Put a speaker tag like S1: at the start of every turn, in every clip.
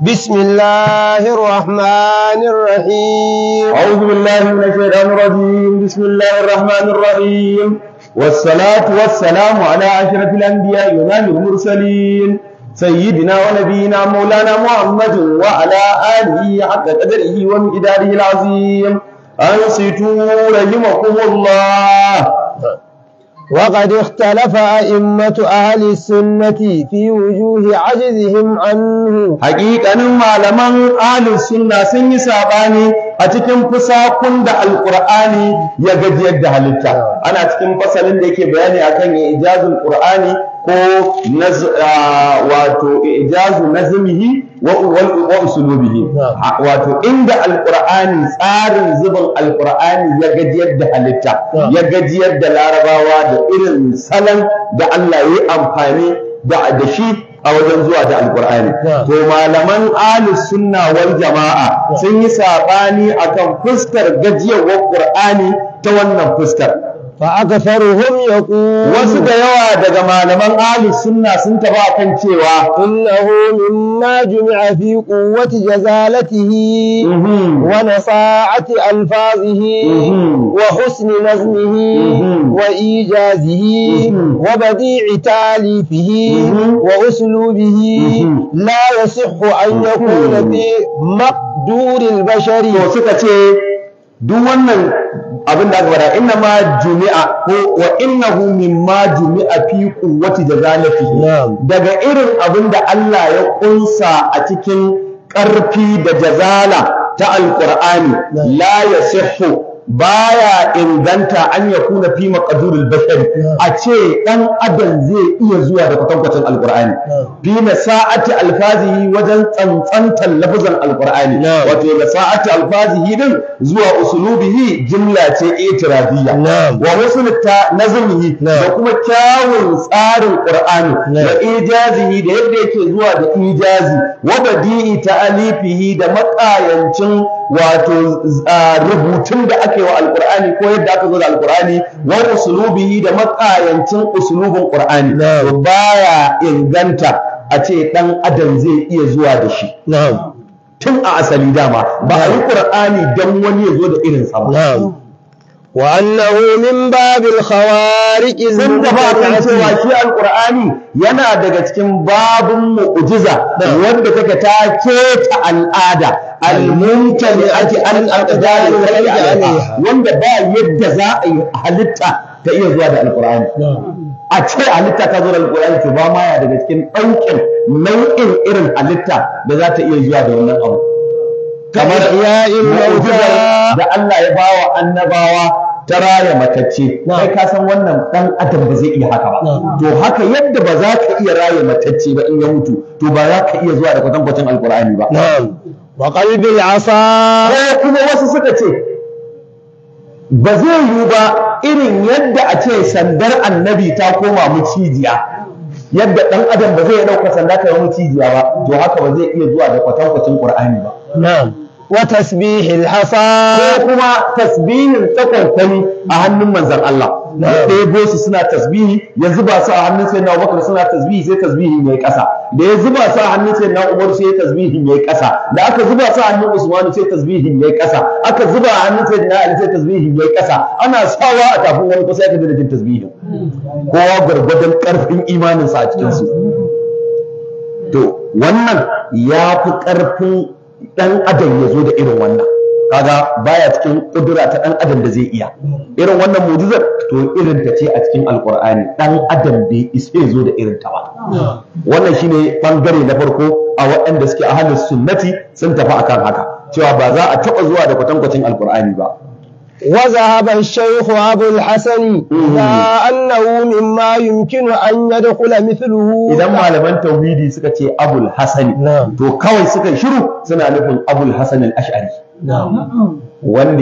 S1: بسم الله الرحمن الرحيم أعوذ بالله من الشيطان الرجيم بسم الله الرحمن الرحيم والصلاة والسلام على أشرف الأنبياء المرسلين سيدنا ونبينا مولانا محمد وعلى آله حق قدره ومقداره العظيم أنصتوا رحمكم الله وقد اختلف أئمة أهل السنة في وجوه عجزهم عنه حقيقة معلما أهل السنة سنة ساباني أتكن فساقن دع القرآن يجد يد هلتا أنا أتكن فسلن لكي بياني أكن إجاز القرآن ko wato ijazu na wa usulubihi wato inda alqur'ani tsarin zubin alqur'ani ya gajiyar da halitta ya gajiyar da larabawa da irin salon da Allah ya amfani da shi a wajen zuwa da alqur'ani to malaman Ali sunna wal jama'a sun yi sabani akan fuskar gajiyar qur'ani ta wannan fuskar fa akatharuhum yaqul wasu da yawa daga malaman ahlus sunna sun taba kan cewa innahu mimma jumi'a fi quwwati jazalatihi mhm. wa nasa'ati alfazihi mhm. wa husni nazmihi mhm. wa ijazihi wa badi'i talifihi wa uslubihi la yasihhu an yakuna fi maqduril bashari to suka ce duk wannan abin da aka inna ma jumi'a ko wa innahu ma jumi'a fi quwwati jazalati daga irin abin da Allah ya kunsa a cikin ƙarfi da jazala ta alqur'ani la yasihhu baya inganta an ya kuna fi maqdurul bashari a ce dan adam zai iya zuwa da kwatankwacin alqur'ani bi na sa'ati alfazihi wajen tsantsantar lafazan alqur'ani wato da sa'ati alfazihi din zuwa usulubihi jumla ce itirafiyya wa husnata nazmihi da kuma kyawun tsarin qur'ani da ijazihi da yadda yake zuwa da ijazi wa ta ta'alifihi da maƙayancin wato rubutun da aka wa alkur'ani ko yadda aka zo da alkur'ani wa da matsayancin uslubin qur'ani baya inganta a ce dan adam zai iya zuwa da shi tun a asali dama ba a yi qur'ani dan wani ya zo da sa ba وأنه من باب الخوارق المتبعة cewa shi alqur'ani yana daga cikin babun mu'jiza wanda take ta keta al'ada al-mumtali ati an al-qadar wanda ba yadda za a yi halitta ta iya zuwa da alqur'ani a ce halitta ta zo da alqur'ani to ba ma ya daga cikin ɗaukin nau'in irin halitta da za ta iya zuwa da wannan abu kamar mu'jizar da Allah ya bawa annabawa ta raya matacce kai ka san wannan dan adam ba zai iya haka ba to haka yadda ba za ka iya raya matacce ba in ya mutu to ba za ka iya zuwa da kwatan Alqur'ani ba wa qalbil asa kuma wasu suka ce ba zai yiwu ba irin yadda a ce sandar annabi ta koma mu cijiya. yadda ɗan adam ba zai ɗauka sanda ta yi cijiya ba to haka ba zai iya zuwa da kwatankwacin ƙur'ani ba wa tasbihil hasa ko kuma tasbihin takwalkwali a hannun manzan Allah da ɗebo su suna tasbihi ya zuba su a hannun sayyidina Abubakar suna tasbihi sai tasbihin yayi ƙasa da ya zuba su a hannun sayyidina Umar sai tasbihin yayi ƙasa da aka zuba su a hannun Usman sai tasbihin yayi ƙasa aka zuba a hannun sayyidina sai tasbihin yayi ƙasa ana sawa a tafin wani kusa aka dinga jin tasbihin kowa gwargwadon ƙarfin imaninsa a cikinsu. to wannan ya fi ƙarfin ɗan adam ya zo da irin wannan kaga baya cikin kudura ta ɗan adam da zai iya irin wannan mu'jizar to irin ta ce a cikin alkur'ani ɗan adam bai iske zo da irin ta ba wannan shine bangare na farko a waɗanda suke a sunnati sun tafi akan haka cewa ba za a taɓa zuwa da kwatankwacin alkur'ani ba وذهب الشيخ أبو الحسن إلى أنه مما يمكن أن يدخل مثله إذا ما لم توحيدي سكتي أبو الحسن نعم تو كوي سكتي شروع سنعلم أبو الحسن الأشعري نعم وان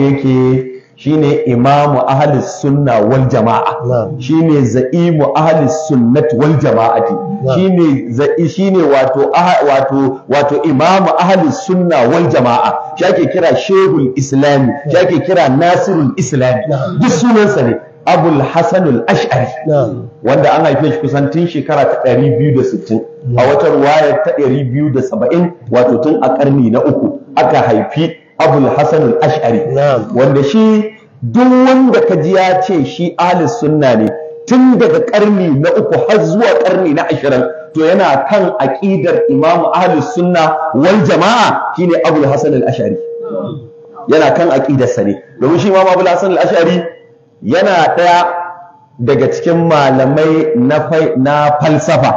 S1: shine imamu ahli sunna wal jama'a shine za'imu ahli sunnati wal jama'ati shine za'i shine ah, wato wato imamu ahli sunna wal jama'a shake kira shehul islami shake kira nasirul islami duk sunansa ne abul hasanul ash'ari wanda an haife shi kusan tun shekara ta 260 a wata wayar ta 270 wato tun a karni na uku aka haifi abul hasan al-ash'ari wanda shi duk wanda ka ji ya ce shi ahlus sunna ne tun daga karni na uku har zuwa karni na ashirin to yana kan aqidar imamu ahlus sunna wal jama'a shine abul hasan al-ash'ari yana kan sa ne domin shi imamu abul hasan al-ash'ari yana daya daga cikin malamai na falsafa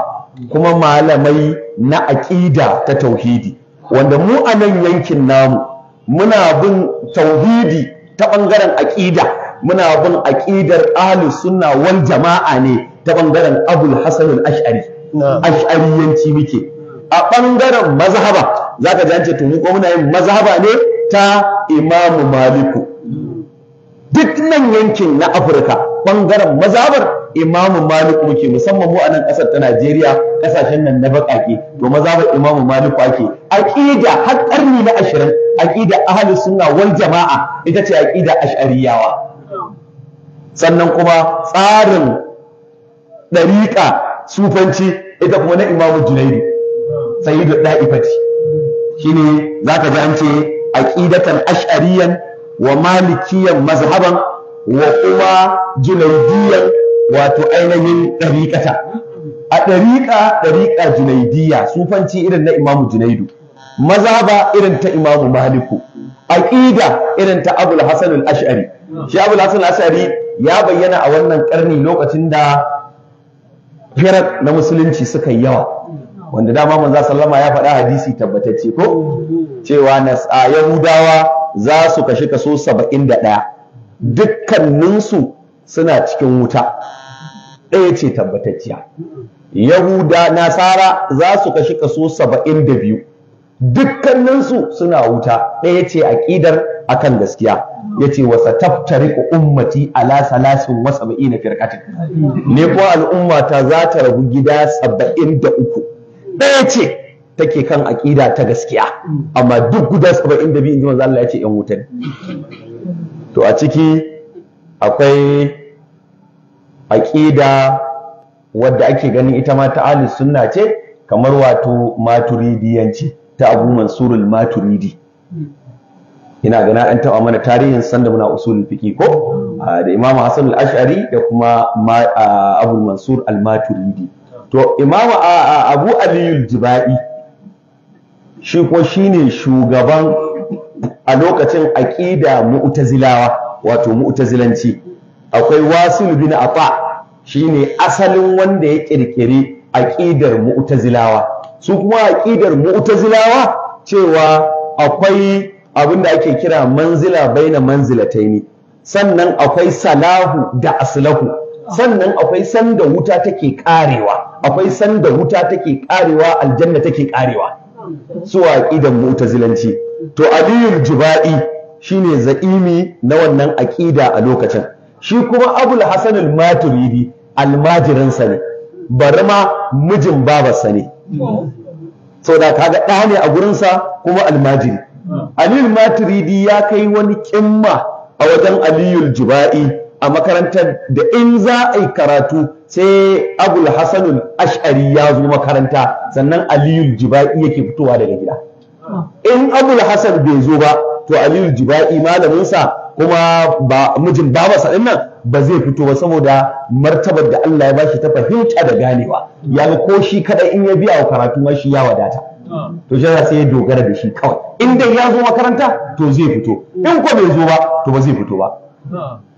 S1: kuma malamai na aqida ta tauhidi wanda mu a nan yankin namu muna bin tauhidi ta ɓangaren aƙida muna bin aƙidar ahli sunna wal jama'a ne ta ɓangaren abul hasan ash'ari yanci muke a ɓangaren mazhaba zaka ji an ce to mu muna yin mazhaba ne ta imamu maliku duk nan yankin na Afirka ɓangaren mazabar Imamu Malik muke musamman mu a nan ƙasar ta Najeriya ƙasashen nan na baƙaƙe to mazabar Imamu Malik ake aqida har ƙarni na 20 aqida ahlus sunna wal jama'a ita ce aqida ash'ariyawa sannan kuma tsarin ɗariƙa sufanci ita kuma na imamu junaidi sayyidu da'ifati shine zaka ji an ce aqidatan ash'ariyan wa malikiyan mazhaban wa kuma junaidiyan wato ainihin ɗariƙata a ɗariƙa ɗariƙa junaidiya sufanci irin na imamu junaidu mazhaba irin ta imamu maliku aqida irin ta abul hasan al-ash'ari shi abul hasan al-ash'ari ya bayyana a wannan karni lokacin da firar na musulunci suka yi yawa wanda dama manzo sallama ya faɗa hadisi tabbatacce ko cewa nasa yahudawa za su kashi kaso saba'in da ɗaya dukkaninsu suna cikin wuta ɗaya ce tabbatacciya yahuda nasara za su kashi kaso saba'in da biyu dukkaninsu suna wuta ɗaya ce aƙidar akan gaskiya Ya yace wasa taftari ummati ala salasin wa na firqatin ne ko al'umma ta za ta rabu gida saba'in da uku. ɗaya ce take kan aƙida ta gaskiya amma duk guda saba'in da biyu inda manzo Allah ya ce yan wuta to a ciki akwai aƙida wadda ake ganin ita ma ta sunna ce kamar wato maturidiyanci ta abu mansurul maturidi ina gana an taɓa mana tarihin sanda muna usulul fiqi ko da imamu hasan al-ash'ari da kuma Abu mansur al-maturidi to imamu abu aliyul jiba'i shi ko shine shugaban a lokacin aqida mu'tazilawa wato mu'tazilanci akwai wasil bin afa shine asalin wanda ya ƙirƙiri aqidar mu'tazilawa su kuma aqidar mu'tazilawa cewa akwai abin da ake kira manzila baina manzilataini sannan akwai salahu da aslahu sannan akwai sanda wuta take karewa akwai sanda wuta take karewa aljanna take karewa su aqidan zilanci. to aliyul juba'i shine za'imi na wannan aƙida a lokacin shi kuma abul hasan al-maturidi almajirinsa ne bari ma mijin babarsa ne so da kaga ɗa ne a gurinsa kuma almajiri aliyul maturidi ya kai wani kimma a wajen Aliyu'n Jiba'i a makarantar da in za a yi karatu sai abul hasanul ash'ari ya zo makaranta sannan Aliyu jiba'i yake fitowa daga gida in abul hasan bai zo ba to aliyul jiba'i malaminsa kuma ba mijin ba din nan ba zai fito ba saboda martabar da Allah ya bashi ta fahimta da ganewa ya ga ko shi kadai in ya biya wa karatu ma shi ya wadata to shi sai ya dogara da shi kawai in ya zo makaranta to zai fito in ko bai zo ba to ba zai fito ba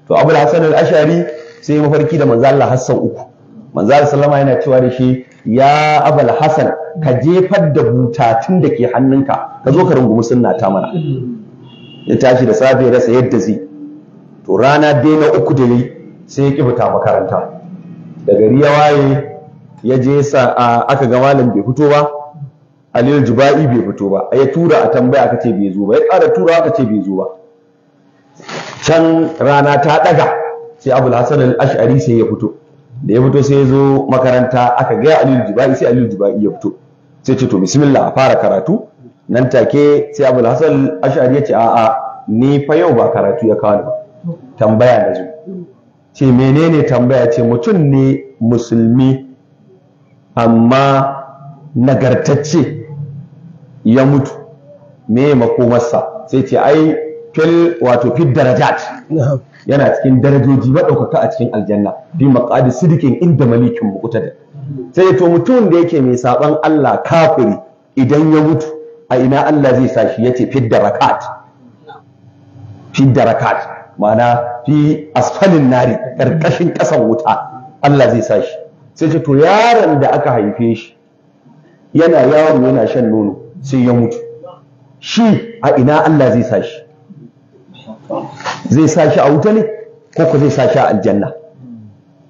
S1: to abul hasan al-ash'ari sai mafarki da manzo Allah hassan uku manzo Allah sallama yana cewa da shi ya abal hasan ka jefar da butatun da ke hannunka ka zo ka rungumi sunna ta mana ya tashi da safe rasa yadda zai to rana dai na uku da yi sai ya ki makaranta da gari ya waye ya je sa aka ga malam bai fito ba aliyu juba'i bai fito ba ya tura a tambaya aka ce bai zo ba ya ƙara tura aka ce bai zo ba can rana ta ɗaga sai abu hasan al-ash'ari sai ya fito da ya fito sai ya zo makaranta aka gaya aliyu jibai sai aliyu jibai ya fito sai ce to bismillah a fara karatu nan take sai abu hasan al-ash'ari ya ce a'a ni fa yau ba karatu ya kawo ba tambaya da zo ce menene tambaya ce mutum ne musulmi amma nagartacce ya mutu me makomarsa sai ce ai fil wato fid darajat yana cikin darajoji maɗaukaka a cikin aljanna bi maqadi sidikin inda malikin muqtada sai to mutum da yake mai saban Allah kafiri idan ya mutu a ina Allah zai sashi shi yace fidda darakat Fidda darakat ma'ana fi asfalin nari karkashin ƙasan wuta Allah zai sa shi sai ce to yaron da aka haife shi yana yawon yana shan nono sai ya mutu shi a ina Allah zai sa shi zai sa shi a wuta ne ko ko zai sa shi a aljanna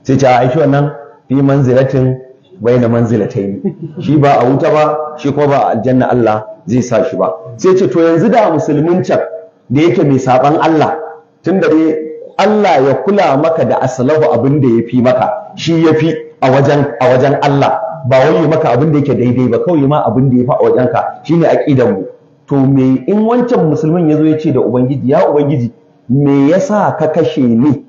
S1: sai ta aiki wannan fi manzilatin bai na manzilatai ne shi ba a wuta ba shi kuma ba a aljanna Allah zai sa shi ba sai ce to yanzu da musulmin can da yake mai saban Allah tun da Allah ya kula maka da asalahu abin da ya fi maka shi ya fi a wajen Allah ba wai maka abin da yake daidai ba kawai ma abin da ya fi a wajenka shine aqidan mu to me in wancan musulmin ya zo ya ce da ubangiji ya ubangiji me yasa ka kashe ni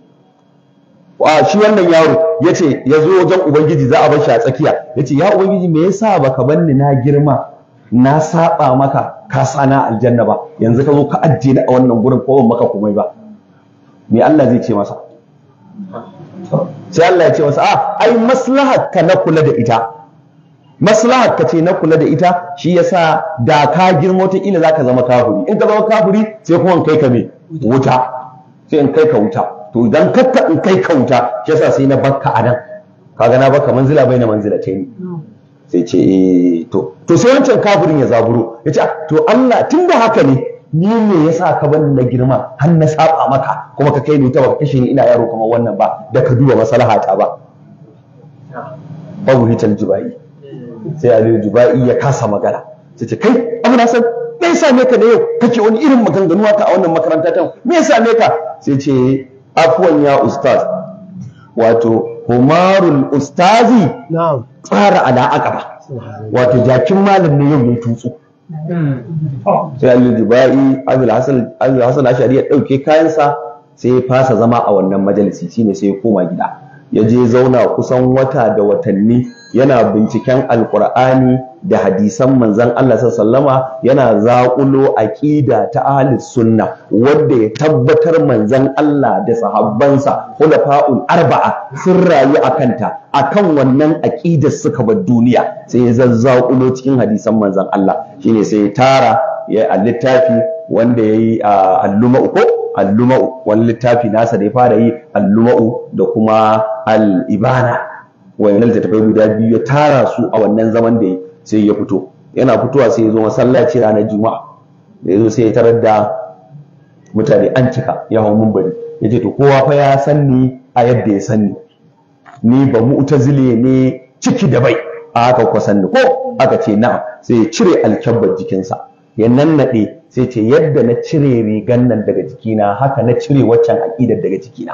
S1: a shi wannan yaro ya ce ya zo wajen ubangiji za a bar shi a tsakiya ya ce ya ubangiji me yasa baka bar ni na girma na saba maka ka sana aljanna ba yanzu ka zo ka ajiye ni a wannan gurin ko ban maka komai ba me Allah zai ce masa sai Allah ya ce masa a ah, ai maslahar ka na kula da ita maslahar ka ce na kula da ita shi yasa da ka girma ta ila zaka zama kafiri in ka zama kafiri sai kuma in kai ka me wuta sai in kai ka wuta to idan kakka in kai ka wuta shi yasa sai na bakka a nan kaga na baka manzila bai na manzila ce ni sai ce eh, to to sai wancan kafurin ya zaburo ya ce ah, to Allah tun da haka ne ni ne yasa ka bani na girma har na saba maka kuma ka kai ni ta baka kashe ni ina yaro kamar wannan ba da ka duba maslahata ba babu hitar jibai sai aliyu juba'i ya kasa magana sai ce kai abu na san me yasa ne ka ne yau kake wani irin maganganuwa ka a wannan makaranta ta me yasa ne ka sai ce afwan ya ustaz wato humarul ustazi tsara ala ba.
S2: wato jakin
S1: malam ne yau ya tutsu sai aliyu juba'i abu hasan ya dauke kayansa sai ya fasa zama a wannan majalisi shine sai ya koma gida ya je zauna kusan wata da watanni yana binciken alkur'ani da hadisan Manzan Allah sallama yana zaƙulo aƙida ta ahli sunna wanda ya tabbatar Manzan Allah da sahabbansa hulafa'ul arba'a sun rayu a kanta A kan wannan aƙidar suka bar duniya sai ya zazzaƙulo cikin hadisan Manzan Allah shine sai ya tara ya a littafi wanda ya yi alluma uku alluma'u wani littafi nasa da ya fara yi alluma'u da kuma al'ibana wayannan littattafai guda biyu ya tara su a wannan zaman da sai ya fito yana fitowa sai ya zo masallaci ranar juma'a da ya zo sai ya tarar da mutane an cika ya hau bari. ya ce to kowa fa ya san ni a yadda ya san ni ni ba mu zile ne ciki da bai a haka kwasan ni ko aka ce na? sai ya cire alkyabbar jikinsa ya nannaɗe sai ce yadda na cire rigan nan daga jikina haka na cire waccan aƙidar daga jikina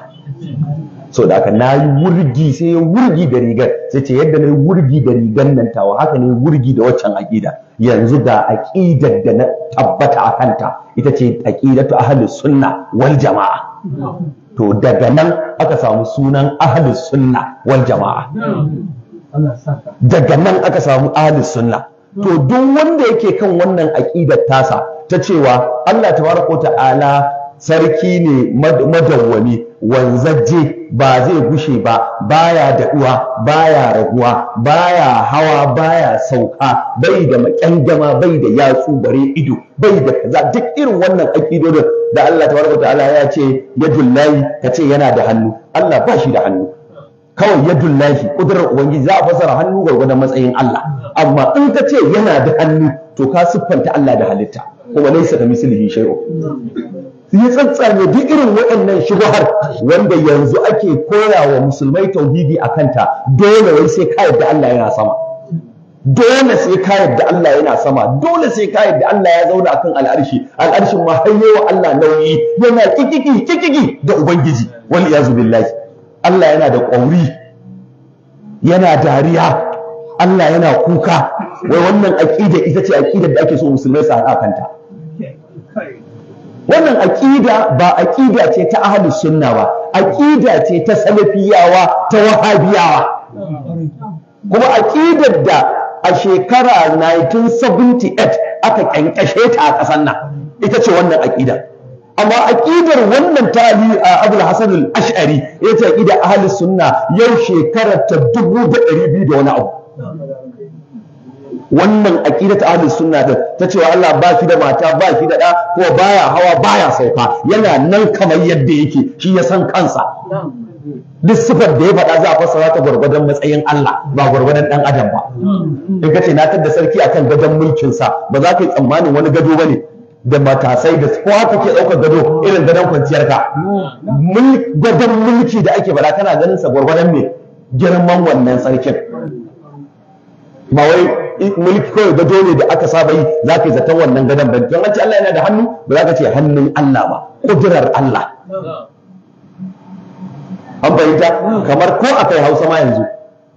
S1: so da haka na yi wurgi sai ya wurgi da rigar sai ce yadda na yi wurgi da rigan nan tawa haka ne wurgi da waccan aƙida yanzu da aƙidar da na tabbata a kanta ita ce aƙidatu ahlus sunna wal jama'a to daga nan aka samu sunan ahlus sunna wal jama'a daga nan aka samu ahlus sunna to duk wanda yake kan wannan aƙidar tasa ta cewa Allah tabaraka ta'ala sarki ne madawwami wanzaje ba zai gushe ba baya daɗuwa baya raguwa baya hawa baya sauka bai da makyangama bai da yatsu bare ido bai da kaza duk irin wannan aqidodin da Allah tabaraka ta'ala ya ce dullahi kace yana da hannu Allah ba shi da hannu kawai yadun lahi kudurar ubangiji za a fasara hannu gwargwadon matsayin Allah amma in ka ce yana da hannu to ka siffanta Allah da halitta kuma laisa ka mislihi shay'un ya tsantsame duk irin waɗannan shubuhar wanda yanzu ake koya wa musulmai tauhidi a kanta dole wai sai ka yadda Allah yana sama dole sai ka yadda Allah yana sama dole sai ka yadda Allah ya zauna akan al'arshi al'arshin ma hayyewa Allah nauyi yana kikiki kikiki da ubangiji wal iyazu billahi Allah yana da ƙauri yana dariya Allah yana kuka wai wannan aƙida ita ce aƙida da ake so musulmai su haɗa kanta wannan aƙida ba aƙida ce ta ahli sunna ba aƙida ce ta salafiyawa ta wahabiyawa kuma aƙidar da a shekara 1978 aka ƙyanƙyashe ta a ƙasar nan ita ce wannan aƙida amma aƙidar wannan tali a Abul Hasan al-Ash'ari yace aqida ahli sunna yau shekarar ta 2200 da wani
S2: abu
S1: wannan aqida ta ahli sunna da ta cewa Allah ba shi da mata ba shi da da ko baya hawa baya sauka yana nan kamar yadda yake shi ya san kansa duk sifar da ya faɗa za a fassara ta gwargwadon matsayin Allah ba gwargwadon ɗan adam ba in ka ce na tadda sarki akan gadon mulkinsa ba za ka yi tsammanin wani gado ba ne da matasai da kowa kake ɗaukar gado irin gadon kwanciyar ka gadon mulki da ake bala tana ganin sa gwargwadon me girman wannan sarkin ba mulki kawai gado ne da aka saba yi za ka yi zaton wannan gadon ba don an ce Allah yana da hannu ba za ka ce hannun Allah ba kudurar Allah an fahimta kamar ko a kai hausa ma yanzu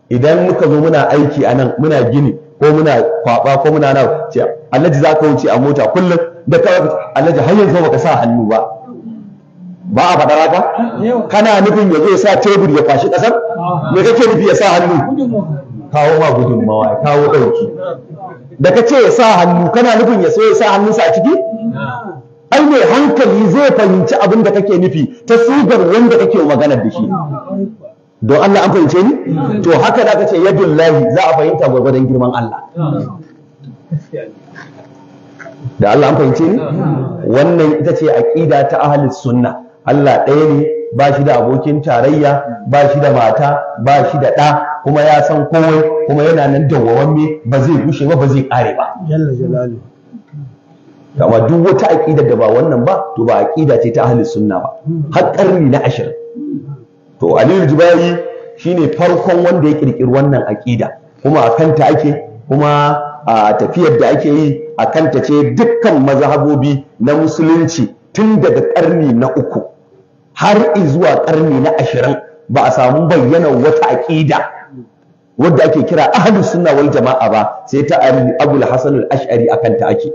S1: idan muka zo muna aiki a nan muna gini ko muna kwaba ko muna nan ce Allah za ka wuce a mota kullum da kawai alhaji har yanzu baka sa hannu ba ba a faɗar haka kana nufin ya zo ya sa tebur ya kwashi ƙasar
S2: me kake nufi ya sa
S1: hannu kawo ma gudunmawa ya kawo ɗauki da ka ce ya sa hannu kana nufin ya so ya sa hannunsa a ciki ai mai hankali zai fahimci abin da kake nufi ta sugar wanda kake maganar da shi don Allah an fahimce ni to haka da ka ce yadullahi za a fahimta gwargwadon girman Allah da Allah an fahimce ni wannan ita ce aqida ta ahlus sunna Allah ɗaya ne ba shi da abokin tarayya ba shi da mata ba shi da ɗa kuma ya san kowai kuma yana nan me ba zai gushe ba ba zai ƙare ba jalla jalali duk wata aƙida da ba wannan ba to ba aƙida ce ta ahlus sunna ba har ƙarni na ashirin to aliyu jibari shine farkon wanda ya ƙirƙiri wannan aƙida kuma a kanta ake kuma a tafiyar da ake yi a kanta ce dukkan mazhabobi na musulunci tun daga ƙarni na uku har zuwa ƙarni na ashirin ba a samu bayyana wata aƙida wadda ake kira ahlu suna wal jama'a ba sai ta abul hasan al ash'ari ake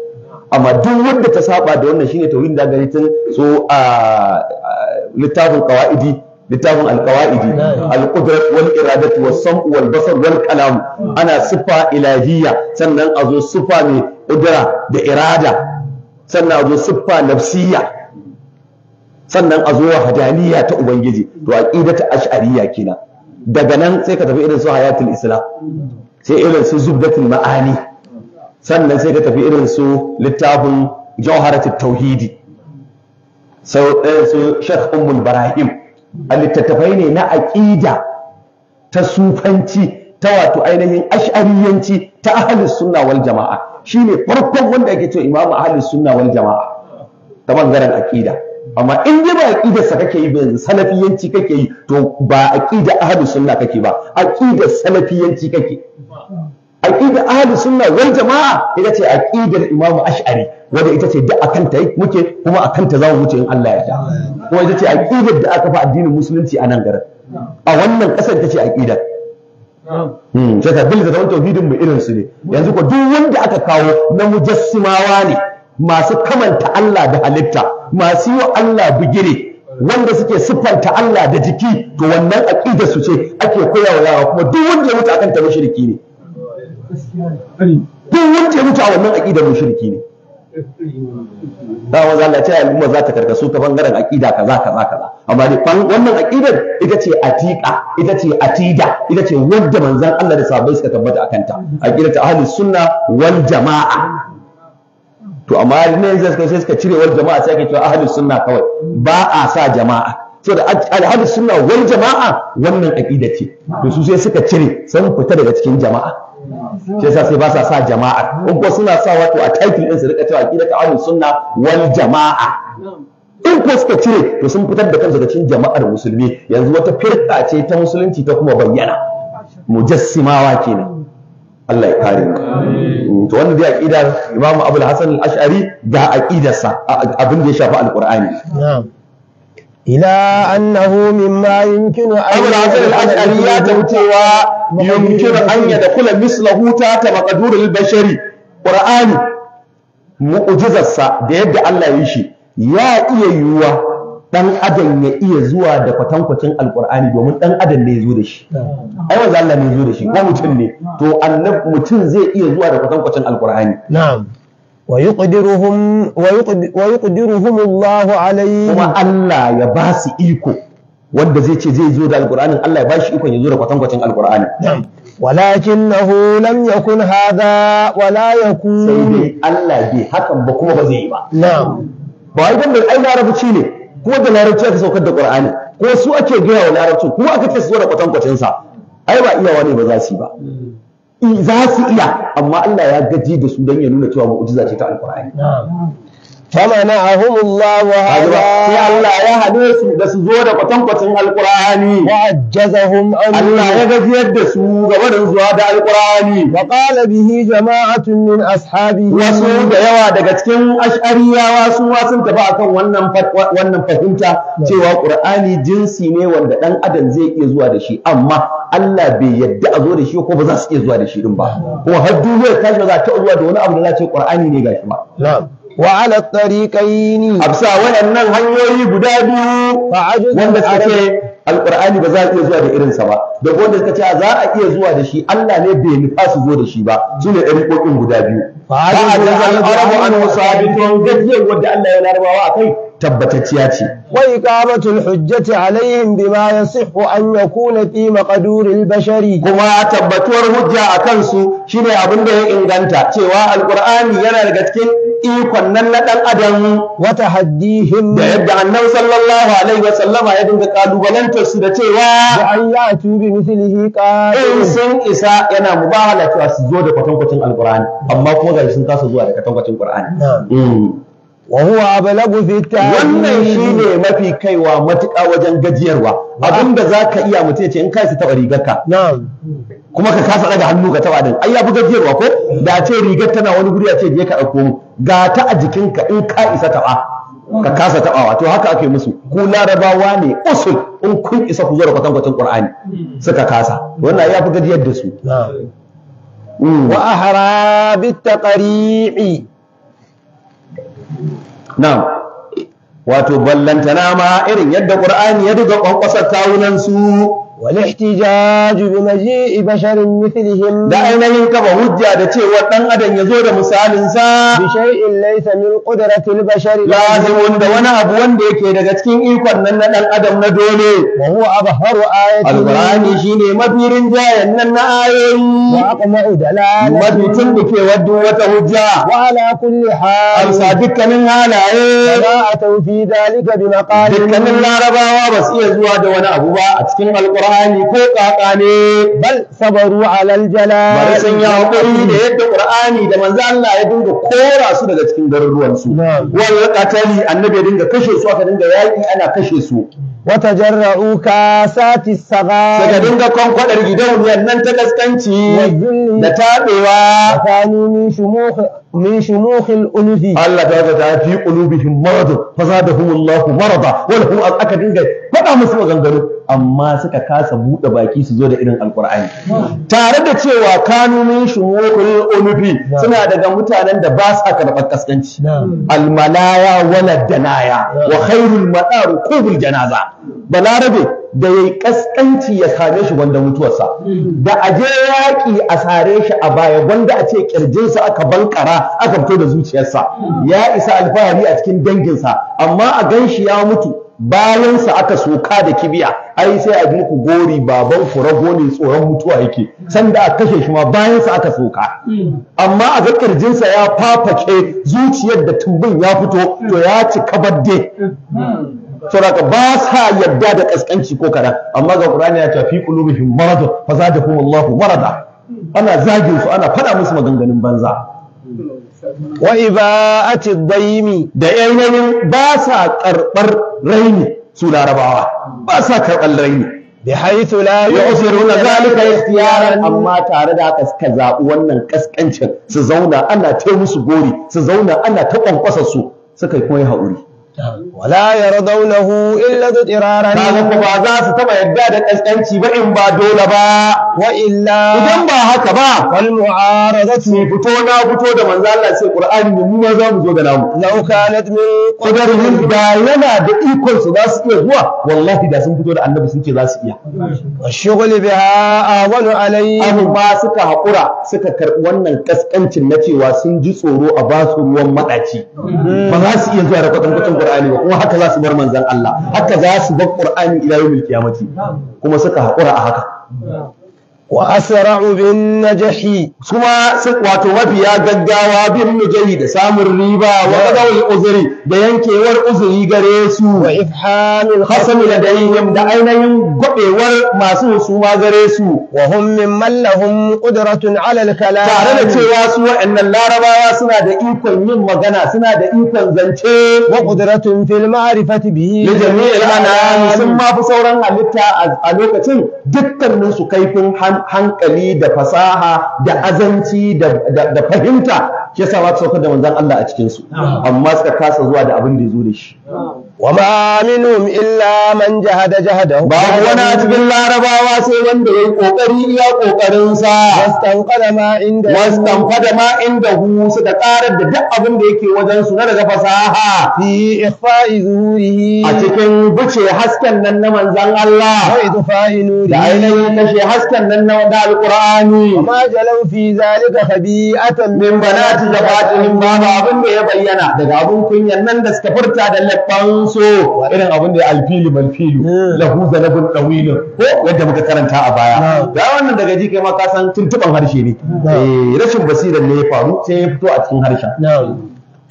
S1: amma duk wanda ta saba da wannan shine tauhidin da gani tun so a littafin qawaidi littafin alkawa'idi alqudrat wal iradatu was sam'u wal basar wal kalam ana sifa ilahiyya sannan a zo sufa mai kudura da irada sannan a zo sufa nafsiyya sannan a zo wahdaniyya ta ubangiji to aqidatu ash'ariyya kenan daga nan sai ka tafi irin su hayatul islam sai irin su zubdatul ma'ani sannan sai ka tafi irin su littafin jawharatul tauhidi sau ɗaya eh, su shekh ummul barahim a littattafai ne na aƙida ta sufanci ta wato ainihin ash'ariyanci ta ahalis sunna wal jama'a ne farkon wanda ake cewa imamu ahalis sunna wal jama'a ta bangaren aƙida amma in yi ba sa kake yi ba salafiyanci kake yi to ba aƙida ahalis sunna kake ba Aƙida salafiyanci kake Aƙida ahalis sunna wal jamaa ita ce aƙidar imam ash'ari wanda ita ce duk akan ta muke kuma akan ta za mu wuce in Allah ya ja kuma ita ce aƙidar da aka fi addinin musulunci a nan garin a wannan ƙasar ita ce aƙidar hmm, sai ka bil zaman tauhidin mu irin su ne yanzu ko duk wanda aka kawo na mujassimawa ne masu kamanta Allah da halitta masu yi Allah bigire wanda suke siffanta Allah da jiki to wannan aqida su ce ake koya wa yawa kuma duk wanda ya mutu akan ta mushriki ne duk wanda ya mutu a wannan aqidar mushriki ne da wanzu Allah ce al'umma za ta karkasu ta bangaren aqida kaza kaza kaza amma dai wannan aqidar ita ce atiqa ita ce atida ita ce wanda manzon Allah da sahabbai suka tabbata akan ta aqidar ta ahli sunna wal jamaa to amma ne yanzu suka sai suka cire wal jamaa sai ake cewa ahli sunna kawai ba a sa jamaa da ahli sunna wal jamaa wannan aqida ce to su sai suka cire sun fita daga cikin jama'a shi yasa sai ba sa sa jama'a in ko suna sa wato a title din su rika cewa ka ahlus sunna wal jama'a in ko suka cire to sun fitar da kansu da cikin jama'ar musulmi yanzu wata firqa ce ta musulunci ta kuma bayyana mujassimawa kenan Allah ya kare mu to wannan dai aqidar Imam Abdul Hasan al-Ash'ari ga aqidarsa abin da ya shafi Al-Qur'ani na'am إلى أنه مما يمكن أن أبو العزيز الأشعري يا يمكن أن يدخل مثله تحت مقدور البشري قرآني mu'jizarsa da yadda Allah ya shi ya iya yiwuwa dan adam ya iya zuwa da kwatankwacin alkur'ani domin dan adam ne ya zo da shi
S2: ai
S1: manzo Allah ne ya zo da shi ko mutum ne to annab mutum zai iya zuwa da kwatankwacin alkur'ani na'am Wa ويقدرهم ويقدرهم الله عليه kuma Allah ya ba su iko wanda zai ce zai zo da alqur'anin Allah ya ba shi ikon ya zo da kwatankwacin alqur'anin ya kun haza wala ya يكون sai dai Allah bai hakan ba kuma ba zai yi ba na'am ba wai dan ai larabci ne kuma da larabci aka saukar da ƙur'ani. Kuma su ake gaya wa larabci kuma aka ce su zo da kwatankwacin ai ba iyawa ne ba za su yi ba za su iya amma Allah ya gaji da su don ya nuna cewa mu'jiza ce ta alkur'ani Bamanan alhumun labu haja. Ya Allah ya halisu da su zo da kwatonkwaton alƙur'ani. Wa'azza Allah ya gajiyar da su game da zuwa da alƙur'ani. Ka ƙale bihi jama'a tunanin ashabi. Wasu da yawa daga cikin ash'ari ya wasu wasan tafi akan wannan fahimta cewa ƙur'ani jinsi ne wanda ɗan adam zai iya zuwa da shi amma Allah bai yadda a zo da shi ko ba za su iya zuwa da shi din ba. Wa haduma ya karya za ta uwa da wani abu da za a cikin ne ga shi ba. wa ala tariqaini absa waɗannan hanyoyi guda biyu wanda suke Alƙur'ani ba za a iya zuwa da irinsa ba da wanda suka ce za a iya zuwa da shi Allah ne bai nufa su zo da shi ba su ne ɗariƙoƙin guda biyu fa hada an arabu an wasabitun gajiyar wanda Allah ya larabawa akai tabbatacciya ce wa iqamatul hujjati alaihim bima yasihhu an yakuna fi maqduril bashari kuma tabbatuwar hujja akan su shine abin da ya inganta cewa alqur'ani yana daga cikin ikon nan na dan adam wa tahaddihim da yadda annabi sallallahu alaihi wa sallama ya dinga kalubalantar su da cewa da an tubi bi mithlihi in sun isa yana mubahala cewa su zo da kwatankwacin alqur'ani amma kuma ga sun kasa zuwa da kwatankwacin qur'ani mm. wa huwa ablagu fi wannan ne mafi kaiwa matuƙa wajen gajiyarwa abinda za ka iya mutum ya ce in kai su taɓa rigar ka. kuma ka kasa daga hannu ka taɓa din ai ya fi gajiyarwa ko da ce rigar tana wani guri a ce je ka ɗauko mu ga ta a jikinka in ka isa taɓa ka kasa taɓawa to haka ake musu ku larabawa ne usul in kun isa ku zo da kwatankwacin qur'ani suka kasa wannan ya fi gajiyar da su wa ahra bit taqri'i na wato ballantana ma irin yadda ƙur'ani ya duga ƙwanƙwasar kawunan su والاحتجاج بمجيء بشر مثلهم دا ainihin kafa hujja da cewa ɗan adam ya zo da misalin sa bi shay'in laysa min qudrati al-bashar lazimun da wani abu wanda yake daga cikin ikon nan na dan adam na dole wa huwa abharu ayati al-qur'ani shine mafirin jayan nan na ayoyi wa aqma'u dalal mafitin da ke waddu wata hujja wa ala kulli hal amsa dukkanin halaye ba a tawfi dalika bi dukkanin larabawa ba su iya zuwa da wani abu ba a cikin al Qur'ani ko ƙaƙa ne bal sabaru alal jala bari sun yi hakuri da yadda Qur'ani da manzo Allah ya dinga kora su daga cikin garuruwan su wal qatali annabi ya dinga kashe su aka dinga yaki ana kashe su wata jarra'u ka sati saga daga dinga kwankwadar gidan nan ta kaskanci da tabewa kanu min shumukh min shumukh al-ulfi Allah ta ta fi qulubihim marad fa zadahum Allah marada wa lahum aka dinga faɗa musu maganganu amma suka kasa buɗe baki su zo da irin alkur'ani tare da cewa kanu min shumuqul ulubi suna daga mutanen da ba sa karɓar kaskanci almalaya wala danaya wa khairul madaru kubul janaza balarabe da yayi kaskanci ya same shi gwanda mutuwarsa hmm. da aje yaƙi a sare shi a baya gwanda a ce kirjinsa aka bankara aka fito da zuciyarsa hmm. ya isa alfahari a cikin danginsa amma a ganshi ya mutu bayansa aka soka da kibiya ai sai a muku gori baban furago ne tsoron mutuwa yake sanda a kashe shi ma bayansa aka soka amma a ga kirjinsa ya fafake zuciyar da tumbin ya fito to ya ci kabadde saboda ba sa yarda da kaskanci ko kadan amma ga qur'ani ya ce fi qulubihim marad fa zadahum Allahu marada ana zagin su ana faɗa musu maganganun banza wa iba'ati daimi da yan yayin ba sa karɓar raini su larabawa ba sa karɓar raini bi haythu la yu'siruna zalika ikhtiyaran amma tare da aka suka zaɓi wannan kaskancin su zauna ana ta musu gori su zauna ana ta kwankwasa su suka koyi haƙuri wala yardawnahu illa dhiraran kana ku ba za su taba yadda da kaskanci ba in ba dole ba wa illa idan ba haka ba wal mu'aradatu fito na fito da manzo Allah sai qur'ani mu ma za mu zo da namu law kanat min qadarihim da yana da ikon su za su iya zuwa wallahi da sun fito da annabi sun ce za su iya wa shughli biha awalu alayhi abu ba suka hakura suka karbi wannan ƙasƙancin na cewa sun ji tsoro a basu ruwan madaci ba za su iya zuwa da kwatankwacin Qur'ani ba kuma haka za su bar manzon Allah haka za su bar Qur'ani ila yawmil qiyamati kuma suka haƙura a haka wa asra'u bin najhi kuma wato mafiya gaggawa bin najhi da samun riba wa gadawul uzuri da yankewar uzuri gare su wa ifhalul khasmi ladayhim da ainihin gobewar masu suma gare su wa hum min mallahum qudratun ala al kalam tare da cewa su wa'annan larabawa suna da ikon yin magana suna da ikon zance wa qudratun fil ma'rifati bihi li jami'il anam sun ma fi sauran halitta a lokacin dukkanin su kaifin hannu hankali da fasaha da azanci da fahimta shi yasa ta saukar da manzon Allah a cikin su amma suka kasa zuwa da abin da ya zo da shi wa ma minhum illa man jahada jahadahu ba wani a cikin larabawa sai wanda yayi kokari iya kokarin sa wastanqada ma inda wastanqada ma inda hu suka karar da duk abin da yake wajen su na daga fasaha fi ifa'i zuhurihi a cikin buce hasken nan na manzon Allah wa idfa'i nuri da ainihin kashe hasken nan na alqur'ani ma jalau fi zalika khabi'atan min banat zahirati jafatihim babu abin da ya bayyana daga abin kunyan nan da suka furta da laffan so irin abin da alfili malfili hmm. lahu zalabun dawilun ko yadda muka karanta a baya da hmm. wannan daga ji kai ma ka san tuntuban harshe ne hmm. eh, rashin basirar ne ya faru sai ya fito a cikin harshen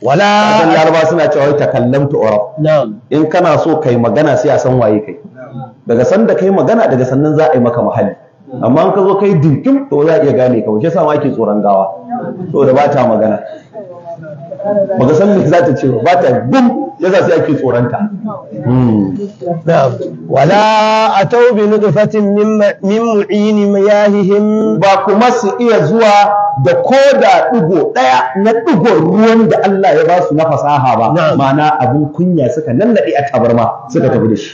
S1: wala dan laraba suna cewa takallamtu urab in kana so kai magana sai a san waye kai daga san da kai magana daga sannan za a yi maka muhalli amma in ka zo kai dinkim to za a iya gane ka wace sa ake tsoron gawa to da ba ta magana
S2: ba ka san za
S1: ta ce ba ta gum ya za sai ake tsoronta hmm. wala atau bi nutfatin min mu'ini mayahihim ba kuma su iya zuwa da koda ɗigo ɗaya na ɗigo ruwan da Allah ya ba su na fasaha ba ma'ana abin kunya suka nannade a tabarma suka tafi da shi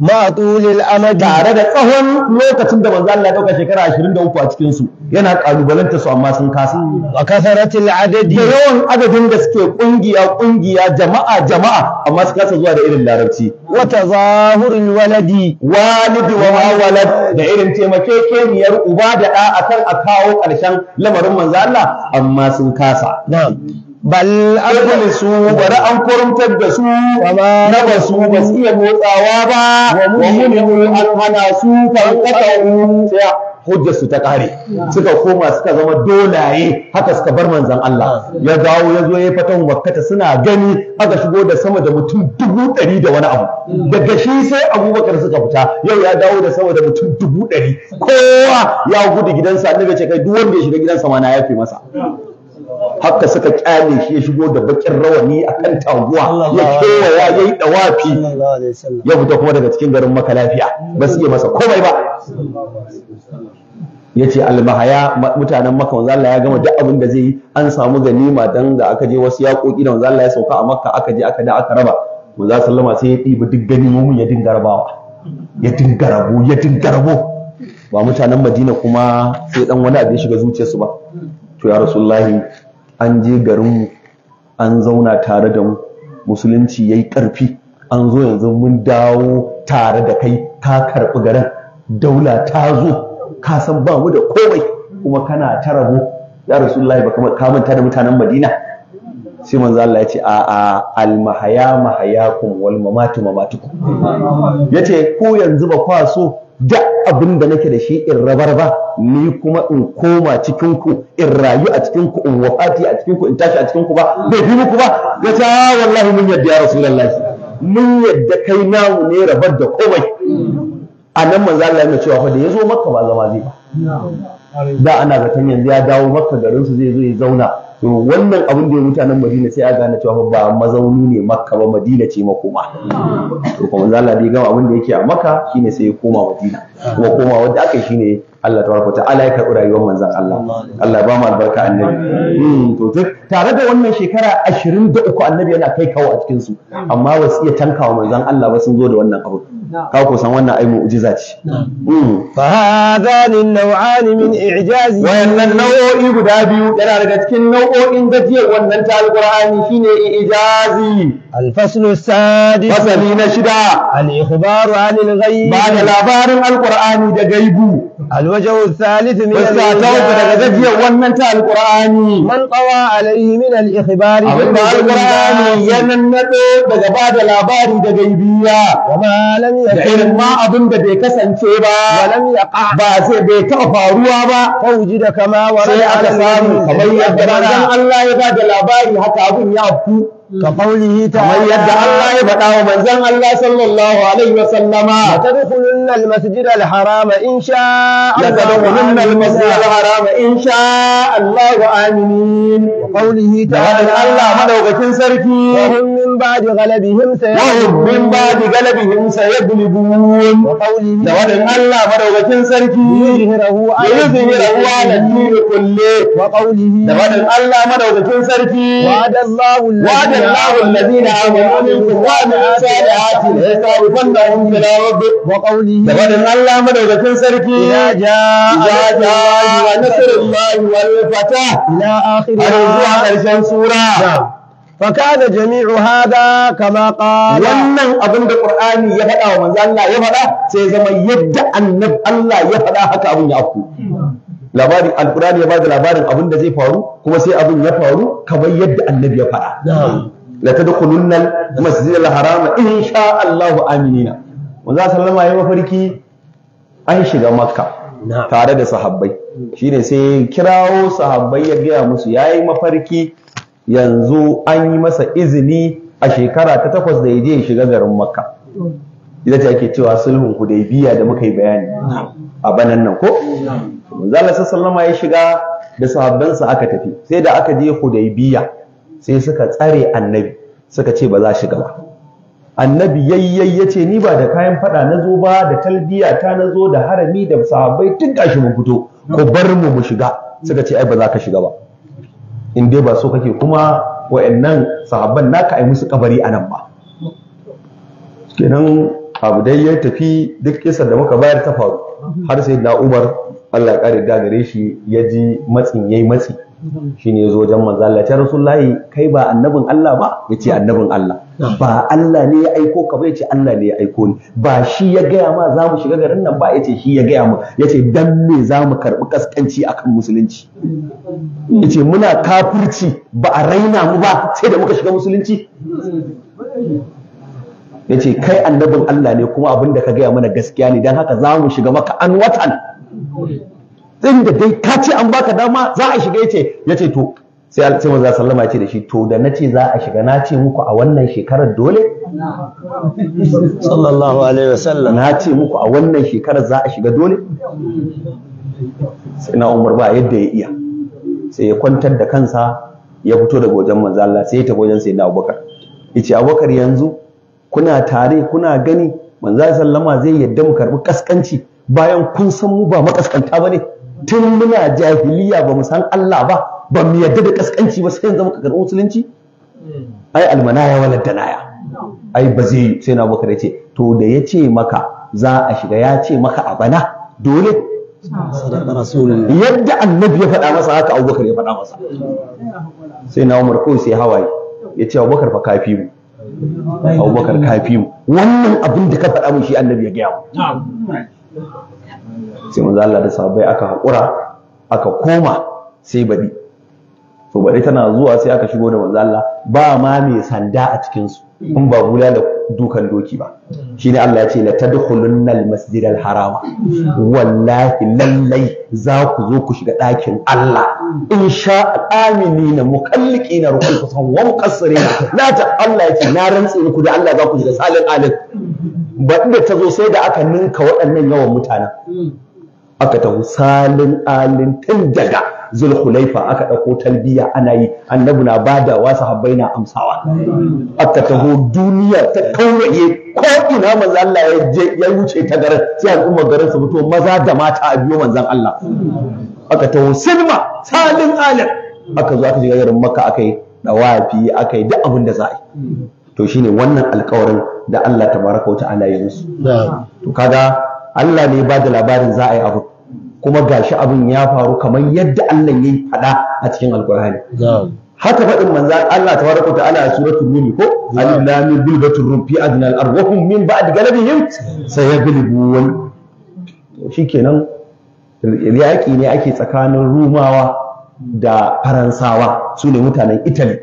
S1: ma tulil amadi tare da tsawon lokacin da manzo Allah ya dauka shekara 23 a cikin su yana kalubalanta su amma sun kasa a kasaratil adadi da yawan adadin wanda suke ƙungiya-ƙungiya, jama'a jama'a amma su kasa zuwa da irin larabci Wata zahurin waladi walidi wa walad da irin taimakekeniyar uba da ɗa akan a kawo ƙarshen lamarin manzo Allah amma sun kasa bal an su bari an kurumtar da su na ba su ba iya motsawa ba wa mun yi alhana su kan kasa su ta kare suka koma suka zama dolaye haka suka bar manzan Allah ya dawo ya zo ya fata makkata suna gani aka shigo da sama da mutum dubu ɗari da wani abu daga shi sai abubakar suka fita yau ya dawo da sama da mutum dubu ɗari kowa ya gudu gidansa annabi ce kai duk wanda ya shiga gidansa ma na yafe masa haka suka kyale shi ya shigo da bakin rawani a kan taguwa ya kewaya ya yi dawafi ya fita kuma daga cikin garin maka lafiya ba su iya masa komai ba ya ce almahaya mutanen maka wanzu Allah ya gama duk abin da zai yi an samu ganima dan da aka je wasu yaƙoƙi da wanzu Allah ya sauka a makka aka je aka da aka raba wanzu sallama sai ya ɗiba duk ganimomin ya dinga rabawa ya dinga rabo ya dinga rabo ba mutanen madina kuma sai ɗan wani abu ya shiga zuciyarsu ba to ya rasulullahi an je garinmu an zauna tare da mu musulunci ya yi ƙarfi an zo yanzu mun dawo tare da kai ka karɓi garin daula ta zo ka san ba mu da komai kuma kana ta rabo ya rasulullahi baka ka manta da mutanen madina sai manzo Allah ya ce a a al mahaya mahayakum wal mamatu mamatukum yace ku yanzu ba kwa so duk abin da nake da shi in rabar ba ni kuma in koma cikin in rayu a cikin ku in wafati a cikin in tashi a cikin ba bai fi muku ba ya ta ah, wallahi mun yadda ya rasulullahi mun yadda kai namu ne rabar da komai a nan manzo Allah yana cewa fa da yazo makka ba zama zai ba da ana zaton yanzu ya dawo maka garin su zai zo ya zauna to wannan abin da ya mutanen Madina sai a gane cewa ba mazauni ne Makka ba Madina ce makoma to kuma Allah da ya gama abin da yake a Makka shine sai ya koma Madina kuma koma wanda aka shine Allah tabaraka ta'ala ya karɓi rayuwar manzon Allah Allah ba mu albarka annabi hmm, to tare da wannan shekara 23 annabi yana kai kawo a cikin su amma wasu iya tankawa manzon Allah ba sun zo da wannan abu ka ku san wannan ai mu'jiza ce hmm. fa hadani naw'an min i'jaz wa yannan naw'i guda biyu yana daga cikin naw'o'in gajiyar wannan ta alqur'ani shine i'jazi al sadi fasali na shida al ikhbaru an al ba da labarin alqur'ani da gaibu al wajhu thalith min al wajhu ta uku daga gajiyar wannan ta alqur'ani man qawa alayhi min al ikhbari al qur'ani yannan nado daga Bada da labari da gaibiya wa ma da irin abin da bai kasance ba walam yaqa ba zai bai taɓa faruwa ba fauji da kama wa sai aka samu kamar yadda manzon Allah ya ba da labari haka abin ya afku ka qaulihi ta'ala kamar yadda Allah ya faɗa wa manzon Allah sallallahu alaihi wa sallama tadkhulun al-masjid al-haram in sha Allah tadkhulun al-masjid al-haram in sha Allah wa aminin qaulihi ta'ala Allah madaukakin sarki من بعد غلبهم سيغلبون من بعد غلبهم سيغلبون وقوله da wadan Allah sarki yuzhirahu ala din kulli wa qawlihi da wadan Allah madaukakin sarki wa'ada Allahu wa'ada Allahu alladhina amanu minkum wa amilu salihati la yasawfannahum bil ardi wa qawlihi da wadan Allah madaukakin sarki ya fatah zuwa karshen sura da jami'u hada kama qala wannan abin da qur'ani ya faɗa wa manzo Allah ya faɗa sai zama yadda annabi Allah ya faɗa haka abin ya afku labarin alqur'ani ya bada labarin abin da zai faru kuma sai abin ya faru kamar yadda annabi ya faɗa la tadkhulunna al-masjid al-harama insha Allah aminina manzo sallama ya mafarki an shiga makka tare da sahabbai shine sai kirawo sahabbai ya gaya musu yayi mafarki yanzu an yi masa izini a shekara ta takwas da ya je ya shiga garin makka ita ce ake cewa sulhun hudaybiya da muka yi bayani a banan nan ko manzo Allah sallallahu ya shiga da sahabbansa aka tafi sai da aka je hudaybiya sai suka tsare annabi suka ce ba za shiga ba annabi yayyay yace ni ba da kayan fada na zo ba da talbiya ta na zo da harami da sahabbai tun gashi mun fito ko bar mu mu shiga suka ce ai ba za ka shiga ba in dai ba so kake kuma wa'annan sahabban naka ai musu kabari a nan ba kenan abu dai ya tafi duk kisar da muka bayar ta faru har sai na umar allah ya kare da gare shi ya ji matsin yayi matsi shine ya zo wajen manzo Allah ya rasulullahi kai ba annabin Allah ba yace annabin Allah ba Allah ne ya aiko ka ba yace Allah ne ya aiko ni ba shi ya gaya ma za mu shiga garin nan ba yace shi ya gaya mu yace dan me za mu karbi kaskanci akan musulunci yace muna kafirci ba a raina mu ba sai da muka shiga musulunci yace kai annabin Allah ne kuma abin da ka gaya mana gaskiya ne dan haka za mu shiga maka an watan inda dai ka ce an baka dama za a shiga yace yace to sai sai manzo sallama ce da shi to da nace za a shiga na ce muku a wannan shekarar dole sallallahu alaihi wasallam na ce muku a wannan shekarar za a shiga dole sai na umar ba yadda ya iya sai ya kwantar da kansa ya fito daga wajen manzo Allah sai ya tafi wajen sayyidina Abubakar yace Abubakar yanzu kuna tare kuna gani manzo sallama zai yadda mu karbi kaskanci bayan kun san mu ba makaskanta bane tun muna jahiliya ba mu san Allah ba ba mu yadda da kaskanci ba sai zama muka karɓi musulunci ai walar da danaya ai ba zai sai na bakar ce to da ya ce maka za a shiga ya ce maka a bana dole yadda annabi ya faɗa masa haka abubakar ya faɗa masa sai na umar kawai sai hawaye ya ce abubakar fa kafi mu abubakar kafi mu wannan abin da ka faɗa mu shi annabi ya gaya mu sai manzo Allah da sahabbai aka haƙura aka koma sai baɗi so ba tana zuwa sai aka shigo da manzo Allah ba ma mai sanda a cikin su kun ba bula da dukan doki ba shine Allah ya ce la tadkhulunna al-masjid al-harama wallahi lallai za ku zo ku shiga ɗakin Allah in sha aminina mukallikina rukusan wa muqassirina la ta Allah ya ce na rantsi ku da Allah za ku shiga salin alin ba da ta zo sai da aka ninka waɗannan yawan mutanen aka tafi salin alin tun daga zulhulaifa aka ɗauko talbiya ana yi annabi na bada sahabbai na amsawa aka taho duniya ta kauraye ko ina manzo Allah ya wuce ta garin sai al'ummar garin su fito maza da mata a biyo manzon Allah aka taho silma salin alim aka zo aka shiga garin makka aka yi dawafi aka yi duk abin da za a yi to shine wannan alƙawarin da Allah tabaraka wa ta'ala ya musu to kaga Allah ne ba da labarin za a yi abu kuma ga shi abin ya faru kamar yadda Allah ya yi fada a cikin alkur'ani haka faɗin manzo Allah tabaraka ta'ala a suratul mulk ko alif lam mim bilbatul rum fi adnal ard wa hum min ba'd galabihim sayaglibun shikenan yaki ne ake tsakanin rumawa da faransawa su ne mutanen italy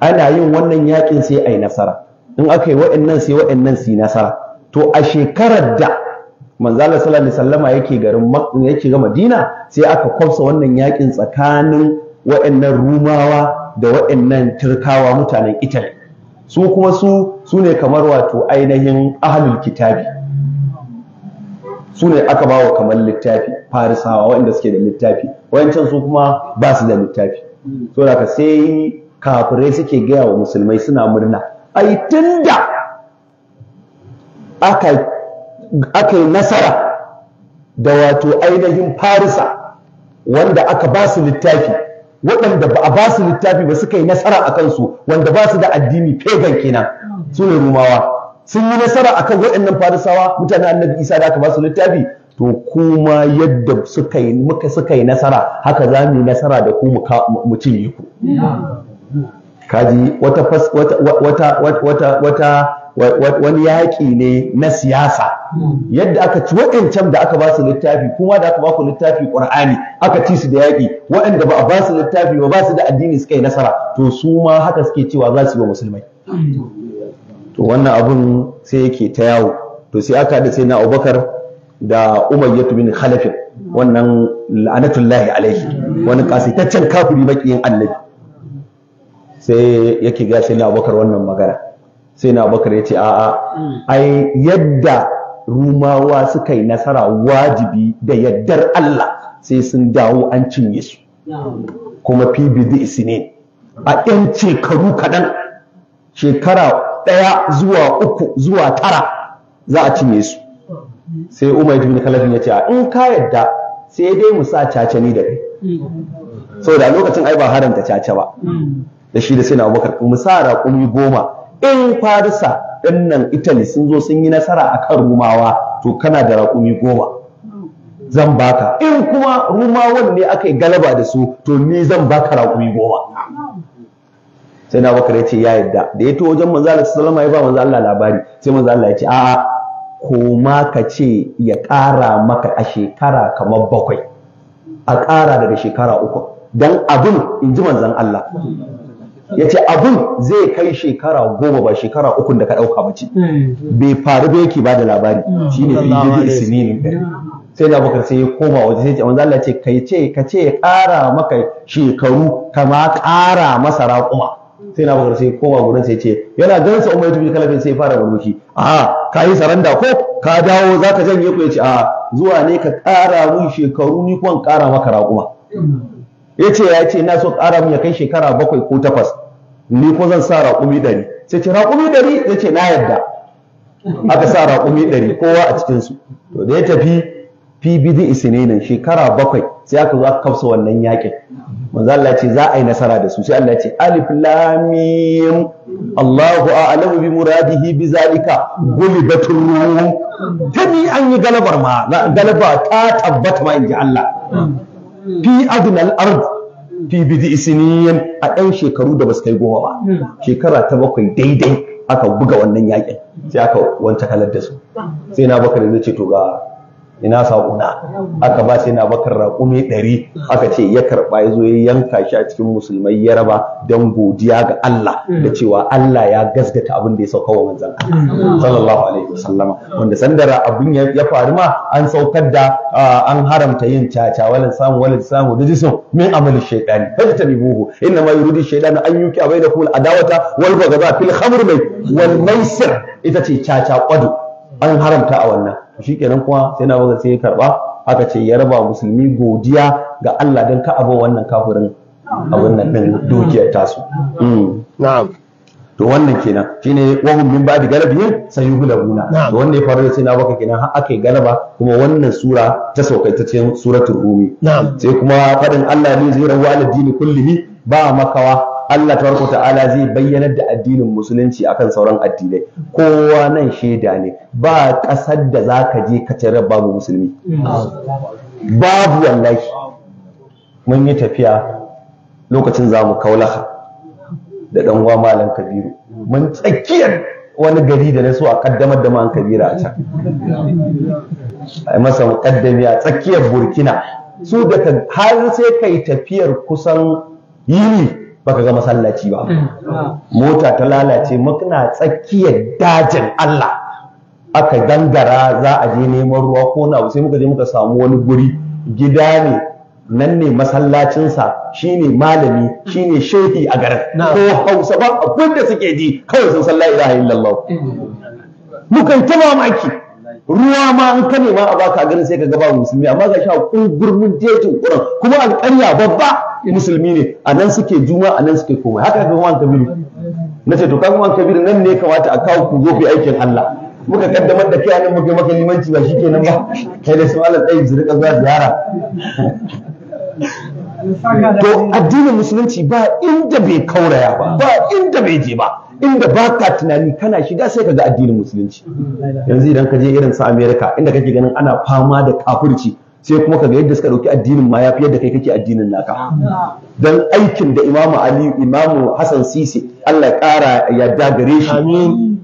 S1: ana yin wannan yaƙin sai ayi nasara in aka yi waɗannan sai waɗannan su nasara to a shekarar da manzala sallallahu alaihi wasallama yake garin yake ga Madina sai aka kwafsa wannan yakin tsakanin wa'annan Rumawa da wa'annan Turkawa mutanen Italy su kuma su su ne kamar wato ainihin ahlul kitabi su ne aka bawa kamar littafi farisawa waɗanda suke da littafi waancan su kuma ba su da littafi so da sai kafirai suke gaya wa musulmai suna murna ai tunda aka aka yi nasara da wato ainihin farisa wanda aka ba su littafi waɗanda ba a ba su littafi ba suka yi nasara a kansu wanda ba su da addini pagan kenan su ne rumawa sun yi nasara a kan waɗannan farisawa mutanen annabi isa da aka ba su littafi to kuma yadda suka yi muka suka yi nasara haka za mu yi nasara da ku mu cinye ku kaji wata wata wani yaƙi ne na siyasa hmm. yadda aka ci waɗancan da aka ba su littafi kuma da aka ba ku littafi ƙur'ani aka ci su da yaƙi waɗanda ba a ba su littafi ba ba su da addini suka yi nasara to su ma haka suke cewa za su yi wa musulmai to wannan abun sai yake ta yawo to sai aka da sai na abubakar da umayyatu bin khalafin wannan la'anatullahi alaihi wani kasitaccen kafiri makiyin annabi sai yake gashi na abubakar wannan magana sai na bakar ya ce a'a mm. ai yadda rumawa suka yi nasara wajibi da yaddar Allah sai sun dawo an cinye su kuma su ne a yan shekaru kaɗan shekara ɗaya zuwa uku zuwa tara za a cinye su sai umar ibn kalafin ya ce in ka yadda sai dai mu sa caca ni da kai mm. saboda lokacin ai ba haranta caca ba mm. da shi da sai na abubakar mu sa raƙumi goma in farisa ɗin nan italy sun zo sun yi nasara a kan rumawa to kana da raƙumi goma zan baka in kuma rumawan ne aka yi galaba da su to ni zan baka raƙumi goma sai na bakar ya ce ya yadda da ya to wajen manzo ya ba manzo labari sai manzo ya ce a'a koma ka ce ya ƙara maka a shekara kamar bakwai a ƙara daga shekara uku dan abin in ji manzan Allah ya ce abin zai kai shekara goma ba shekara ukun da ka ɗauka ce. Hmm. bai faru ba yake ba da labari shine fi jirgin isinin sai da bakar sai ya koma waje sai ce manzo Allah ce kai ce ka ce ƙara maka shekaru kama ƙara masa raƙuma sai na bakar sai ya koma gurin sai ce yana gansa umar ya tafi kalafin sai ya fara murmushi a ka yi saranda ko ka dawo za ka janye ku ya ce a zuwa ne ka ƙara mun shekaru ni kuma ƙara maka raƙuma hmm. ya ce ya ce na so ƙara mun ya kai shekara bakwai ko takwas ni ko zan sa raƙumi ɗari sai ce raƙumi ɗari ya ce na yadda aka sa raƙumi ɗari kowa a cikinsu to da ya tafi fi bidi shekara bakwai sai aka zo aka kafsa wannan yaƙin manzo Allah ce za a yi nasara da su sai Allah ce alif lam Allahu a'lamu bi muradihi bi zalika gulibatul rum ni an yi galabar ma galaba ta tabbata ma ji Allah fi adnal ard fi bidi isiniyan a ɗan shekaru da basu kai goma ba hmm. shekara ta bakwai daidai aka buga wannan yakin sai aka wanta kalar da su hmm. sai na da zai ce to ga ina saƙuna aka ba sai na bakar raƙumi ɗari aka ce ya karɓa ya zo ya yanka shi a cikin musulmai ya raba don godiya ga Allah da cewa Allah ya gasgata abin da ya sauka wa manzon Allah sallallahu alaihi wasallam wanda sandara abin ya faru ma an saukar da an haramta yin caca walin samu walin samu da jisun min amali shaytani fajtanibuhu inna ma yuridu shaytanu an yuki abainakum al adawata wal bagaza fil khamr wal maisir ita ce caca kwado an haramta a wannan to shikenan kuma sai na baga sai ya karba aka ce ya raba musulmi godiya ga Allah dan ka abin wannan kafirin abin nan din dukiyar tasu mm. na'am to wannan kenan shine wahum min ba'di galabiyin sayughlabuna to wanda ya faru sai na baka kenan har akai galaba kuma wannan sura ta saukai ta cikin suratul rumi sai kuma fadin Allah ne zai rawa al-dini kullihi ba makawa Allah tabaraka ta'ala zai bayyanar da addinin musulunci akan sauran addinai kowa nan shaida ne ba ƙasar da za ka je ka tare babu musulmi babu wallahi mun yi tafiya lokacin zamu kaulaha da dan uwa malam kabiru mun tsakiyar wani gari da na so a ƙaddamar da man kabira a can a masa mukaddami a tsakiyar burkina su da har sai kai tafiyar kusan yini baka ga masallaci ba mota ta lalace muna tsakiyar dajin Allah aka gangara za a je neman ruwa ko na sai muka je muka samu wani guri gida ne nan ne masallacinsa shine malami shine shehi a garin ko hausa ba abin da suke ji kawai sun san la ilaha illallah mukan ta mamaki ruwa ma an kane ma a baka garin sai ka ba musulmi amma ga sha kun teku kuma alƙarya babba musulmi ne a nan suke juma a nan suke komai haka ga Umar Kabiru na ce to kan Umar Kabiru nan ne kamata a kawo ku zo aikin Allah muka kaddamar da kai nan muka maka limanci ba shi kenan ba kai da su Allah tsayi su rika zuwa ziyara to addinin musulunci ba inda bai kauraya ba ba inda bai je ba inda ba ka tunani kana shiga sai ka ga addinin musulunci yanzu idan ka je irin su america inda kake ganin ana fama da kafirci sai kuma ka ga yadda suka dauki addinin ma ya fi yadda kai kake addinin naka Don aikin da imamu ali imamu Hassan sisi Allah ya kara ya gare shi irin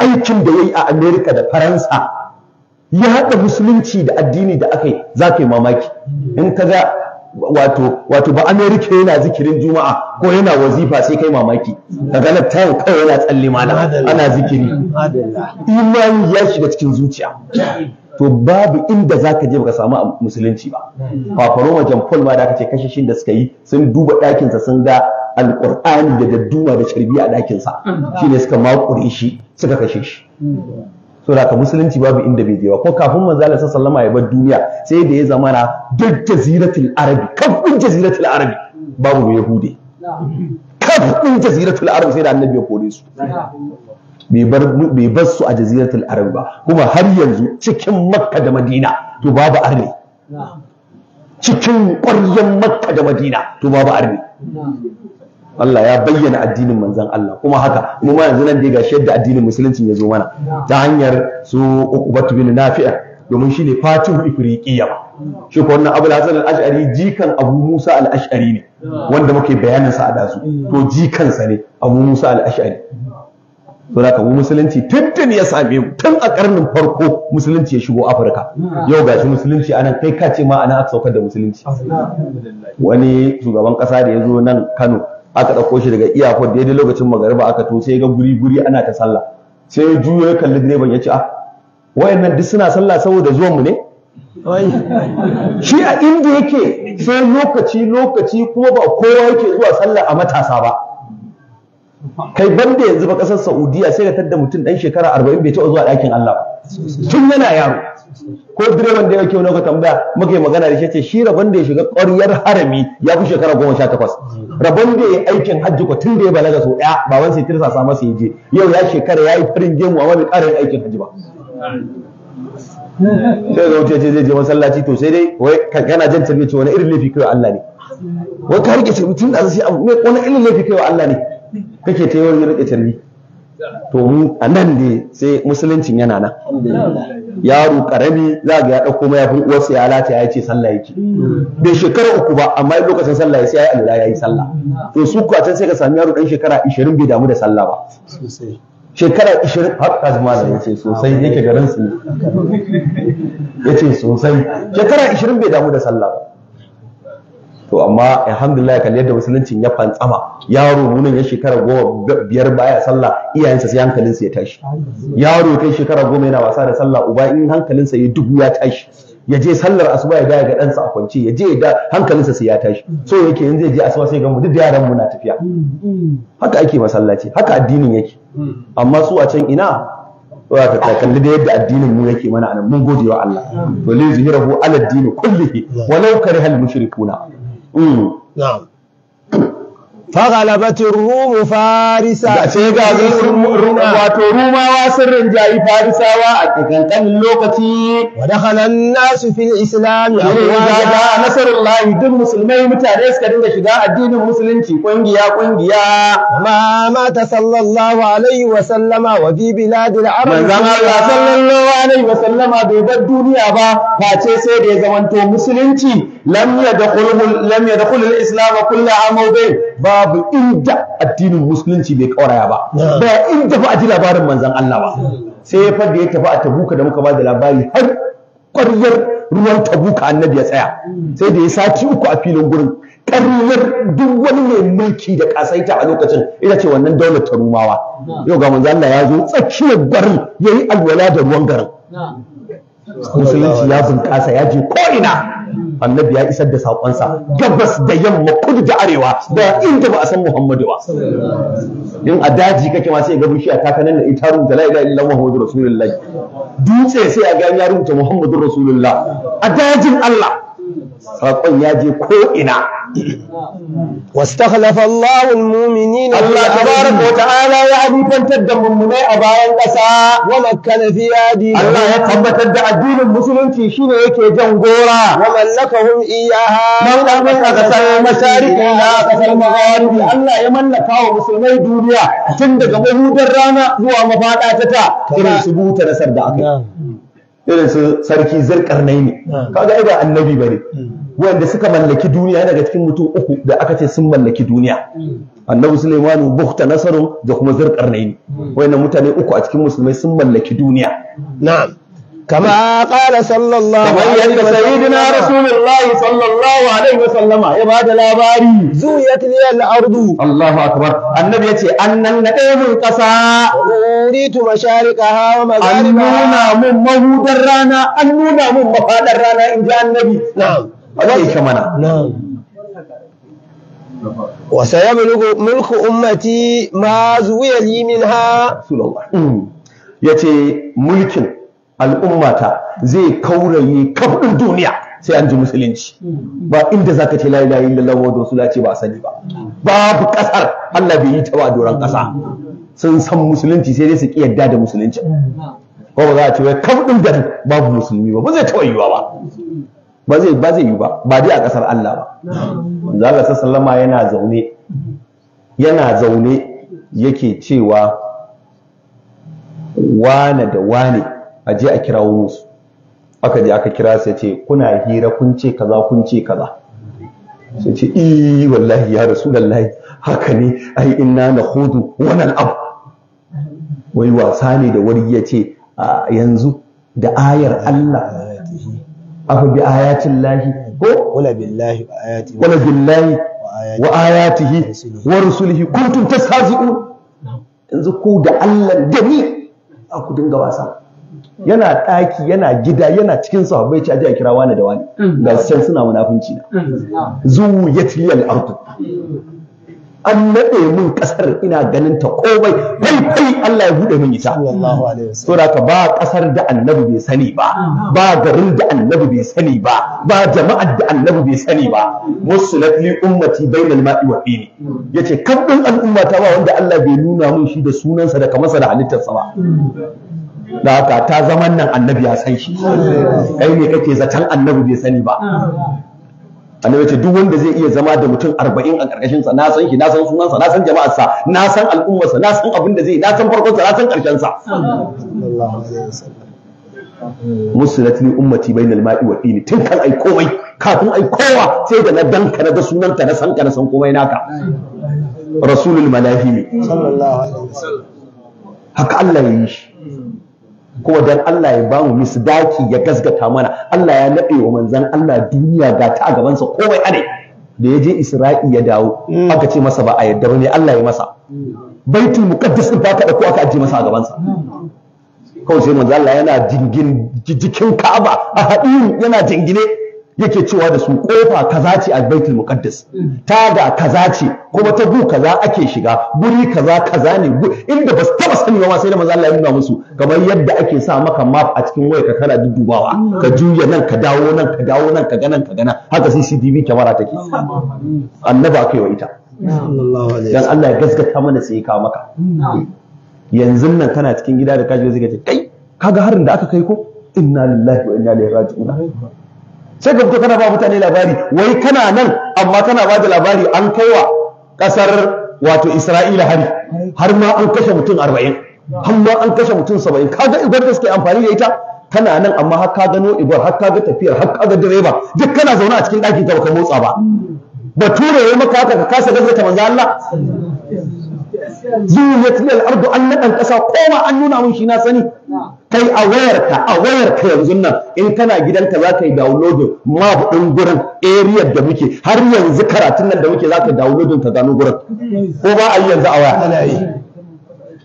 S1: aikin da ya yi a Amerika da Faransa ya haɗa musulunci da addini da aka yi za ka yi mamaki in ka ga wato wato ba amerika yana zikirin juma'a ko yana wazifa sai kai mamaki ka ga kawai yana tsalle mana, ana zikiri imani ya shiga cikin zuciya to babu inda za ka je ka samu musulunci ba fafaroma jan paul ma da aka ce kashishin da suka yi sun duba ɗakinsa sun ga alƙur'an da dadduma da carbi a ɗakinsa ne suka makure shi suka kashe shi so da ka musulunci babu inda bai je ba ko kafin manzo Allah sallama ya bar duniya sai da ya zamana duk jaziratul arabi kafin jaziratul arabi babu hude. kafin jaziratul arabi sai da annabi ya kore su bai bar su a jaziratul arab ba kuma har yanzu cikin makka da madina to babu arni cikin ƙwaryen makka da madina to babu arni Allah ya bayyana addinin manzon Allah kuma haka mu ma yanzu nan dai gashi yadda addinin musulunci ya zo mana ta hanyar su ukubatu bin Nafi'a domin shine Fatihu Ifriqiyya shi ko wannan Abu Hasan al-Ash'ari jikan Abu Musa al-Ash'ari ne wanda muke bayanin sa a dazu to jikan sa ne Abu Musa al-Ash'ari saboda ka musulunci tuntun ya same mu tun a karnin farko musulunci ya shigo afirka yau gashi musulunci a nan kai ka ma anan aka saukar da musulunci wani shugaban ƙasa da ya zo nan kano aka ɗauko shi daga iyakon daidai lokacin magariba aka to sai ga guri guri ana ta sallah sai ya juyo ya kalli direban ya ce a ah, wayannan duk suna sallah saboda zuwan mu ne shi a inda yake sai lokaci lokaci kuma ba kowa yake zuwa sallah a matasa ba kai banda yanzu ba kasar Saudiya sai ka tadda mutum dan shekara 40 bai taɓa zuwa ɗakin Allah ba tun yana yaro ko direban da yake wani tambaya muka yi magana da shi ce shi rabon da ya shiga ƙwaryar harami ya fi shekara 18 rabon da ya aikin hajji ko tun da ya balaga so ɗaya baban sai tirsa sa masa je yau ya shekara ya yi farin gemu amma bai ƙara aikin hajji ba sai ga wuce ce zai je masallaci to sai dai wai kana jan tarbiyyar wani irin laifi kai Allah ne wai ka rike ce mutum da sai abu wani irin laifi kai Allah ne kake ta yawan rike tarbi to mu a nan ne sai musuluncin yana nan yaro karami za ga ya dauko uwar uwarsa ya lata ya ce sallah yake mm. bai shekara uku ba amma lokacin sallah sai ya yi alula ya yi sallah to su ku a can sai ka sami yaro dan shekara 20 bai damu da sallah ba shekara 20 har kazuma da yace sosai yake garin su yace sosai shekara 20 bai damu da sallah ba to amma alhamdulillah kan yadda musuluncin ya fantsama yaro munin ya shekara goma biyar baya sallah iyayensa sai hankalin hankalinsa ya tashi yaro kai shekara goma yana wasa da sallah uba in hankalinsa ya dubu ya tashi ya je sallar asuba ya dawo ga ɗansa a kwance ya je da hankalinsa sai ya tashi so yake in zai je asuba sai ga mu duk yaran mu na tafiya haka ake masallaci haka addinin yake amma su a can ina ka ta kalli da yadda addinin mu yake mana anan mun gode wa Allah to li zuhirahu ala dini kullihi walau karihal mushrikuna 嗯，那。faghalabatir rumu farisa ce ga wato rumawa sun rinjayi farisawa a kankanin lokaci wa dakhala an-nasu fil islam ya nasarullahi duk musulmai mutane suka dinga shiga addinin musulunci kungiya kungiya ma mata sallallahu alaihi wa sallama wa bi biladil arab manzon Allah sallallahu alaihi wa sallama bai bar duniya ba face sai da ya zamanto musulunci lam yadkhulul lam yadkhulul islam kullu amawbin ba babu inda addinin musulunci bai kauraya ba ba inda ba a ji labarin manzon Allah ba sai fa da ya tafi a tabuka da muka ba da labari har ƙwaryar ruwan tabuka annabi ya tsaya sai da ya sati uku a filin gurin ƙaryar duk wani mai mulki da kasaita a lokacin ita ce wannan daular ta rumawa yau ga manzo Allah ya zo tsakiyar garin yayi alwala da ruwan garin musulunci ya bunƙasa ya je ko ina annabi ya isar da saƙonsa gabas da yamma kudu da arewa Da inda ba a san muhammadu ba in a daji kake ma sai ga bishiya ta kanan da ita rubuta la ilaha illallah muhammadu rasulullah dutse sai a ga ya rubuta muhammadu rasulullah a dajin allah saƙon ya je ko ina wastakhlafa Allahu na Allah tabaraka wa ta'ala ya abubantar da mummunai a bayan ƙasa Wani kanafi ya yadi Allah ya tabbatar da addinin musulunci shi ne yake jan gora wa mallakahum iyaha a ƙasar kasar mashariki a kasar magharibi Allah ya mallaka wa musulmai duniya tun daga mahudar rana zuwa mafaɗa ta ta irin su buta nasar da aka irin su sarki zirkarnai ne ah. kaga ai ba annabi bane hmm. wanda suka mallaki duniya daga cikin mutum uku da aka ce sun mallaki duniya hmm. annabi sulaimanu bukta nasaru da kuma yi ne hmm. wayannan mutane uku a cikin musulmai sun mallaki duniya na'am كما قال صلى الله عليه وسلم كما سيدنا رسول الله صلى الله عليه وسلم يا بعد لاباري زويت لي الارض الله اكبر النبي يتي ان النقيم القصا اريد مشارقها ومغاربها اننا من مهود الرانا اننا من مفاد الرانا ان جاء النبي نعم نعم وسيبلغ ملك امتي ما زوي لي منها رسول الله يتي ملكي al'ummata zai kauraye kafin duniya sai an ji musulunci ba inda ka ce lai ilaha illallah wa rasulullah ce ba a sani ba babu kasar Allah bai yi ta ba doron kasa sun san musulunci sai dai su yadda da musulunci
S2: ko
S1: ba za a ce wai kafin gari babu musulmi ba ba zai taɓa yiwa ba ba zai yi ba ba dai a kasar Allah ba manzo Allah sallama yana zaune yana zaune yake cewa wane da wane a je a kirawo musu aka je aka kira sai ce kuna hira kun ce kaza kun ce kaza sai ce eh wallahi ya rasulullahi haka ne ai inna na hudu wannan abu wai wasa ne da wuri yace, a yanzu da ayar Allah abu bi ayatin lahi ko wala billahi wala billahi wa ayatihi wa rusulihi kuntum tasazi'un yanzu ku da Allah da ni ku dinga wasa yana ɗaki yana gida yana cikin sahabbai ce aje a kira wane da wani mm. ga san suna munafunci na mm. zuwu yatliyal ardu an naɗe mun ƙasar ina ganin ta komai faifai Allah ya buɗe min ita so da ba ƙasar da annabi bai sani ba mm. ba garin da annabi bai sani ba ba jama'ar da annabi bai sani ba musulat li bai bainal lima'i wa Ya ce kabban al'umma ta ba wanda Allah bai nuna mun shi da sunansa da kamarsa da halittarsa ba da haka ta zaman nan annabi ya san shi kai ne kake zaton annabi bai sani ba annabi ce duk wanda zai iya zama da mutum arba'in a karkashin sa na san shi na san sunansa na san jama'ar sa na san al'ummar sa na san abin da zai na san farkon sa na san karshen sa musulat ummati bainal ma'i wa dini tun kan ai komai kafin ai kowa sai da na danka na da sunanta na san ka na san komai naka rasulul malahimi sallallahu alaihi wasallam haka Allah ya yi shi kuma dan Allah ya bamu misdaki ya gasgata mana Allah ya naɗe wa manzan Allah duniya ga ta a gabansa kowai ade da ya je Isra'i ya dawo hmm. aka ce masa ba a yadda ne Allah ya masa baitul muqaddas ba ka ko aka aje masa a gabansa kawai sai manzo Allah yana jingin jikin Ka'aba a hadin yana jingine yake cewa da su kofa kaza ce a baitul muqaddas taga kaza ce kuma ta gu kaza ake shiga guri kaza kaza ne inda ba su taba sani ba sai da manzo Allah ya nuna musu kamar yadda ake sa maka map a cikin waya ka kana dubawa. ka juya nan ka dawo nan ka dawo nan ka ganan ka gana. haka CCTV kyamara take annaba kai wa ita dan Allah ya gaskata mana sai ya kawo maka yanzu nan kana cikin gida da kaji zai ce kai kaga harin da aka kai ko inna lillahi wa inna ilaihi raji'un sai ka fito kana ba mutane labari wai kana nan amma kana ba da labari an kai wa kasar wato Isra'ila hari har ma an kashe mutum arba'in har ma an kashe mutum saba'in kaga ibar da suke amfani da ita kana nan amma har ka gano ibar har ka ga tafiyar har ka ga direba duk kana zaune a cikin ɗaki ka baka motsa ba Ba tura ya maka haka ka kasa gazzata manzo Allah zuriyat lil ardu an nadan kasa koma an nuna mun shi na sani kai a wayarka a wayarka yanzu nan in kana gidanka za ka yi downloading map din gurin area da muke har yanzu karatun nan da muke za ka yi downloading ka gano gurin ko ba a yi yanzu a waya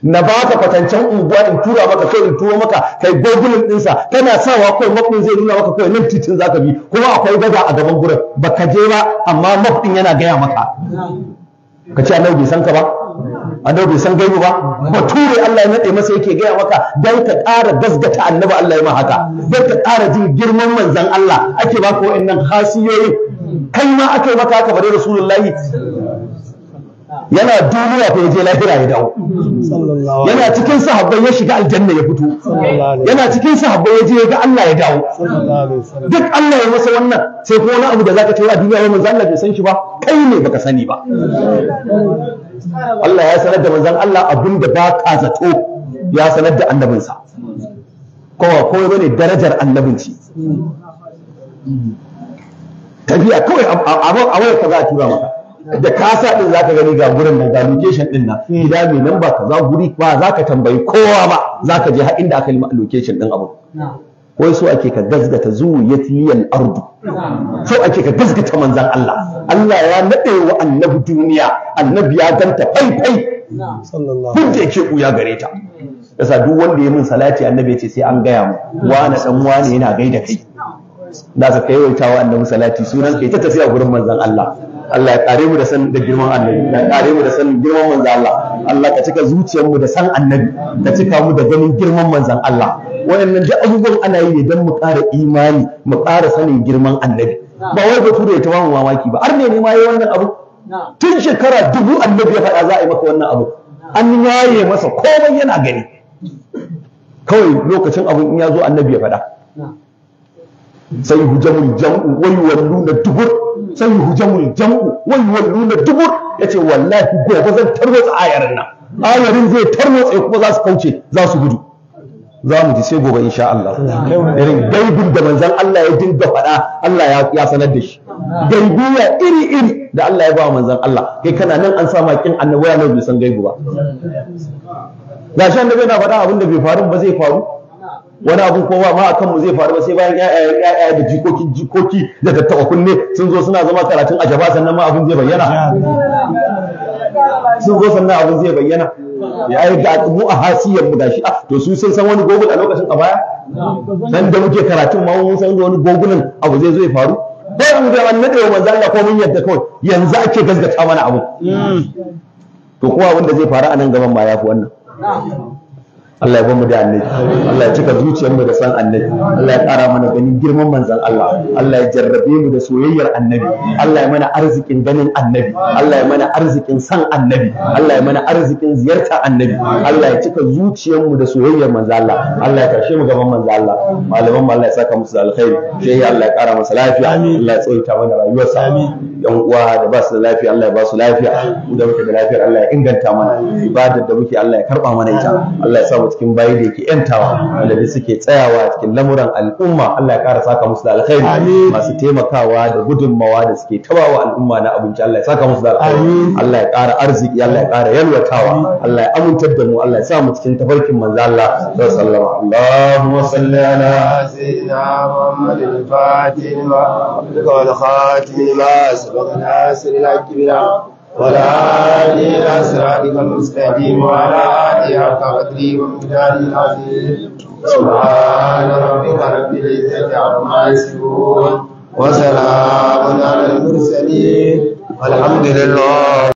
S1: na ba ka fatancen unguwa in tura maka kai in turo maka kai gogulin dinsa kana sawa kai map zai nuna maka kai nan titin zaka bi kuma akwai gaza a gaban gurin baka je ba amma map din yana gaya maka ka ce annabi bai san ka ba annabi bai san gaibu ba bature Allah ya nade masa yake gaya maka dan ka ƙara gasgata annabi Allah ya ma haka dan ka ƙara jin girman manzon Allah ake baka wa'annan hasiyoyin kai ma aka yi maka haka bare rasulullahi yana duniya ko je lahira ya dawo yana cikin sahabbai ya shiga aljanna ya fito yana cikin sahabbai ya je ga Allah ya dawo duk Allah ya masa wannan sai ko wani abu da zaka ce a duniya wannan manzo Allah bai san shi ba kai ne baka sani ba Allah ya sanar da manzon Allah abin da ba ka zato ya sanar da annabinsa kowa kowa bane darajar annabinci tafiya kawai a wayar ka za a tura maka da kasa sa din zaka gani ga gurin da ga location din nan hmm. gida mai nan ba kaza guri ba zaka tambayi kowa ba zaka je har da aka yi location din abu wai so ake ka gazgata zuriyatiyal ardu so ake ka gazgata manzan Allah Allah ya nade wa annabi duniya annabi ya ganta fai
S2: fai sallallahu alaihi
S1: yake kuya gare ta yasa duk wanda ya min salati annabi ya ce sai an gaya mu wani dan wani yana gaida kai da ka kai wa annabi salati sunan kai ta tafiya gurin manzan Allah Allah ya kare mu da san da girman annabi ya kare mu da san girman manzon Allah Allah ka cika zuciyarmu da san annabi ka cika mu da ganin girman manzan Allah wayannan duk abubuwan ana yi ne don mu ƙara imani mu ƙara sanin girman annabi ba wai da ta tawamu mamaki ba har ne ne ma yi wannan abu tun shekara dubu annabi ya faɗa za a yi maka wannan abu an yaye masa komai yana gani kawai lokacin abin in ya zo annabi ya faɗa sai hujjamul jam'u wai wallu na dubur sai yi hujamul jam'u wai walluna dubur yace wallahi gobe zan tarwatsa ayarin nan ayarin zai tsaye kuma za su kauce za su gudu za mu ji sai gobe insha Allah irin gaibin da manzon Allah ya dinga faɗa Allah ya sanar da shi gaibiya iri iri da Allah ya ba manzon Allah kai kana nan an sa makin annabawa ne bai san gaibu ba gashi annabawa yana faɗa abin da bai faru ba zai faru wani abu ko ma a kanmu zai faru ba sai bayan ya'ya da jikoki jikoki da tattaba kunne sun zo suna zama karatun ajaba sannan ma abin zai bayyana sun zo sannan abin zai bayyana ya yi da mu a hasiyar mu gashi a ah, to su sun san wani gogul a lokacin a baya dan da muke karatun ma mun san wani gogulan abu zai zo ya faru dai mun ga wannan da manzo Allah ko mun yadda kawai yanzu ake gaskata mana abu mm. to kowa wanda zai faru a nan gaban ma fi wannan Allah ya bamu da annabi Allah ya cika mu da san annabi Allah ya ƙara mana ganin girman manzon Allah Allah ya jarrabe mu da soyayyar annabi Allah ya mana arzikin ganin annabi Allah ya mana arzikin san annabi Allah ya mana arzikin ziyarta annabi Allah ya cika zuciyarmu da soyayyar manzon Allah Allah ya karshe mu gaban manzon Allah malaman mu Allah ya saka musu alkhairi sai Allah ya kara masa lafiya Allah ya tsawaita mana rayuwarsa yan uwa da ba su da lafiya Allah ya ba su lafiya mu da muke da lafiyar, Allah ya inganta mana ibadar da muke Allah ya karba mana ita Allah ya sa cikin bayi da yake yantawa alladhi suke tsayawa cikin lamuran al'umma Allah ya kara saka musu da alkhairi masu taimakawa da gudunmawa da suke tabawa al'umma na abinci Allah ya saka musu da alkhairi Allah ya kara arziki Allah ya kara yalwatawa Allah ya amintar da mu Allah ya sa mu cikin tafarkin manzo Allah sallallahu alaihi wasallam Allahumma salli ala sayyidina Muhammadin al wa al-Khatim ma sabaqana sirra kibra والعادي إلى صراطك المستقيم وعلى آله حق قدره ومقداره العظيم سبحان ربك رب العزة عما يصفون وسلام على
S2: المرسلين والحمد لله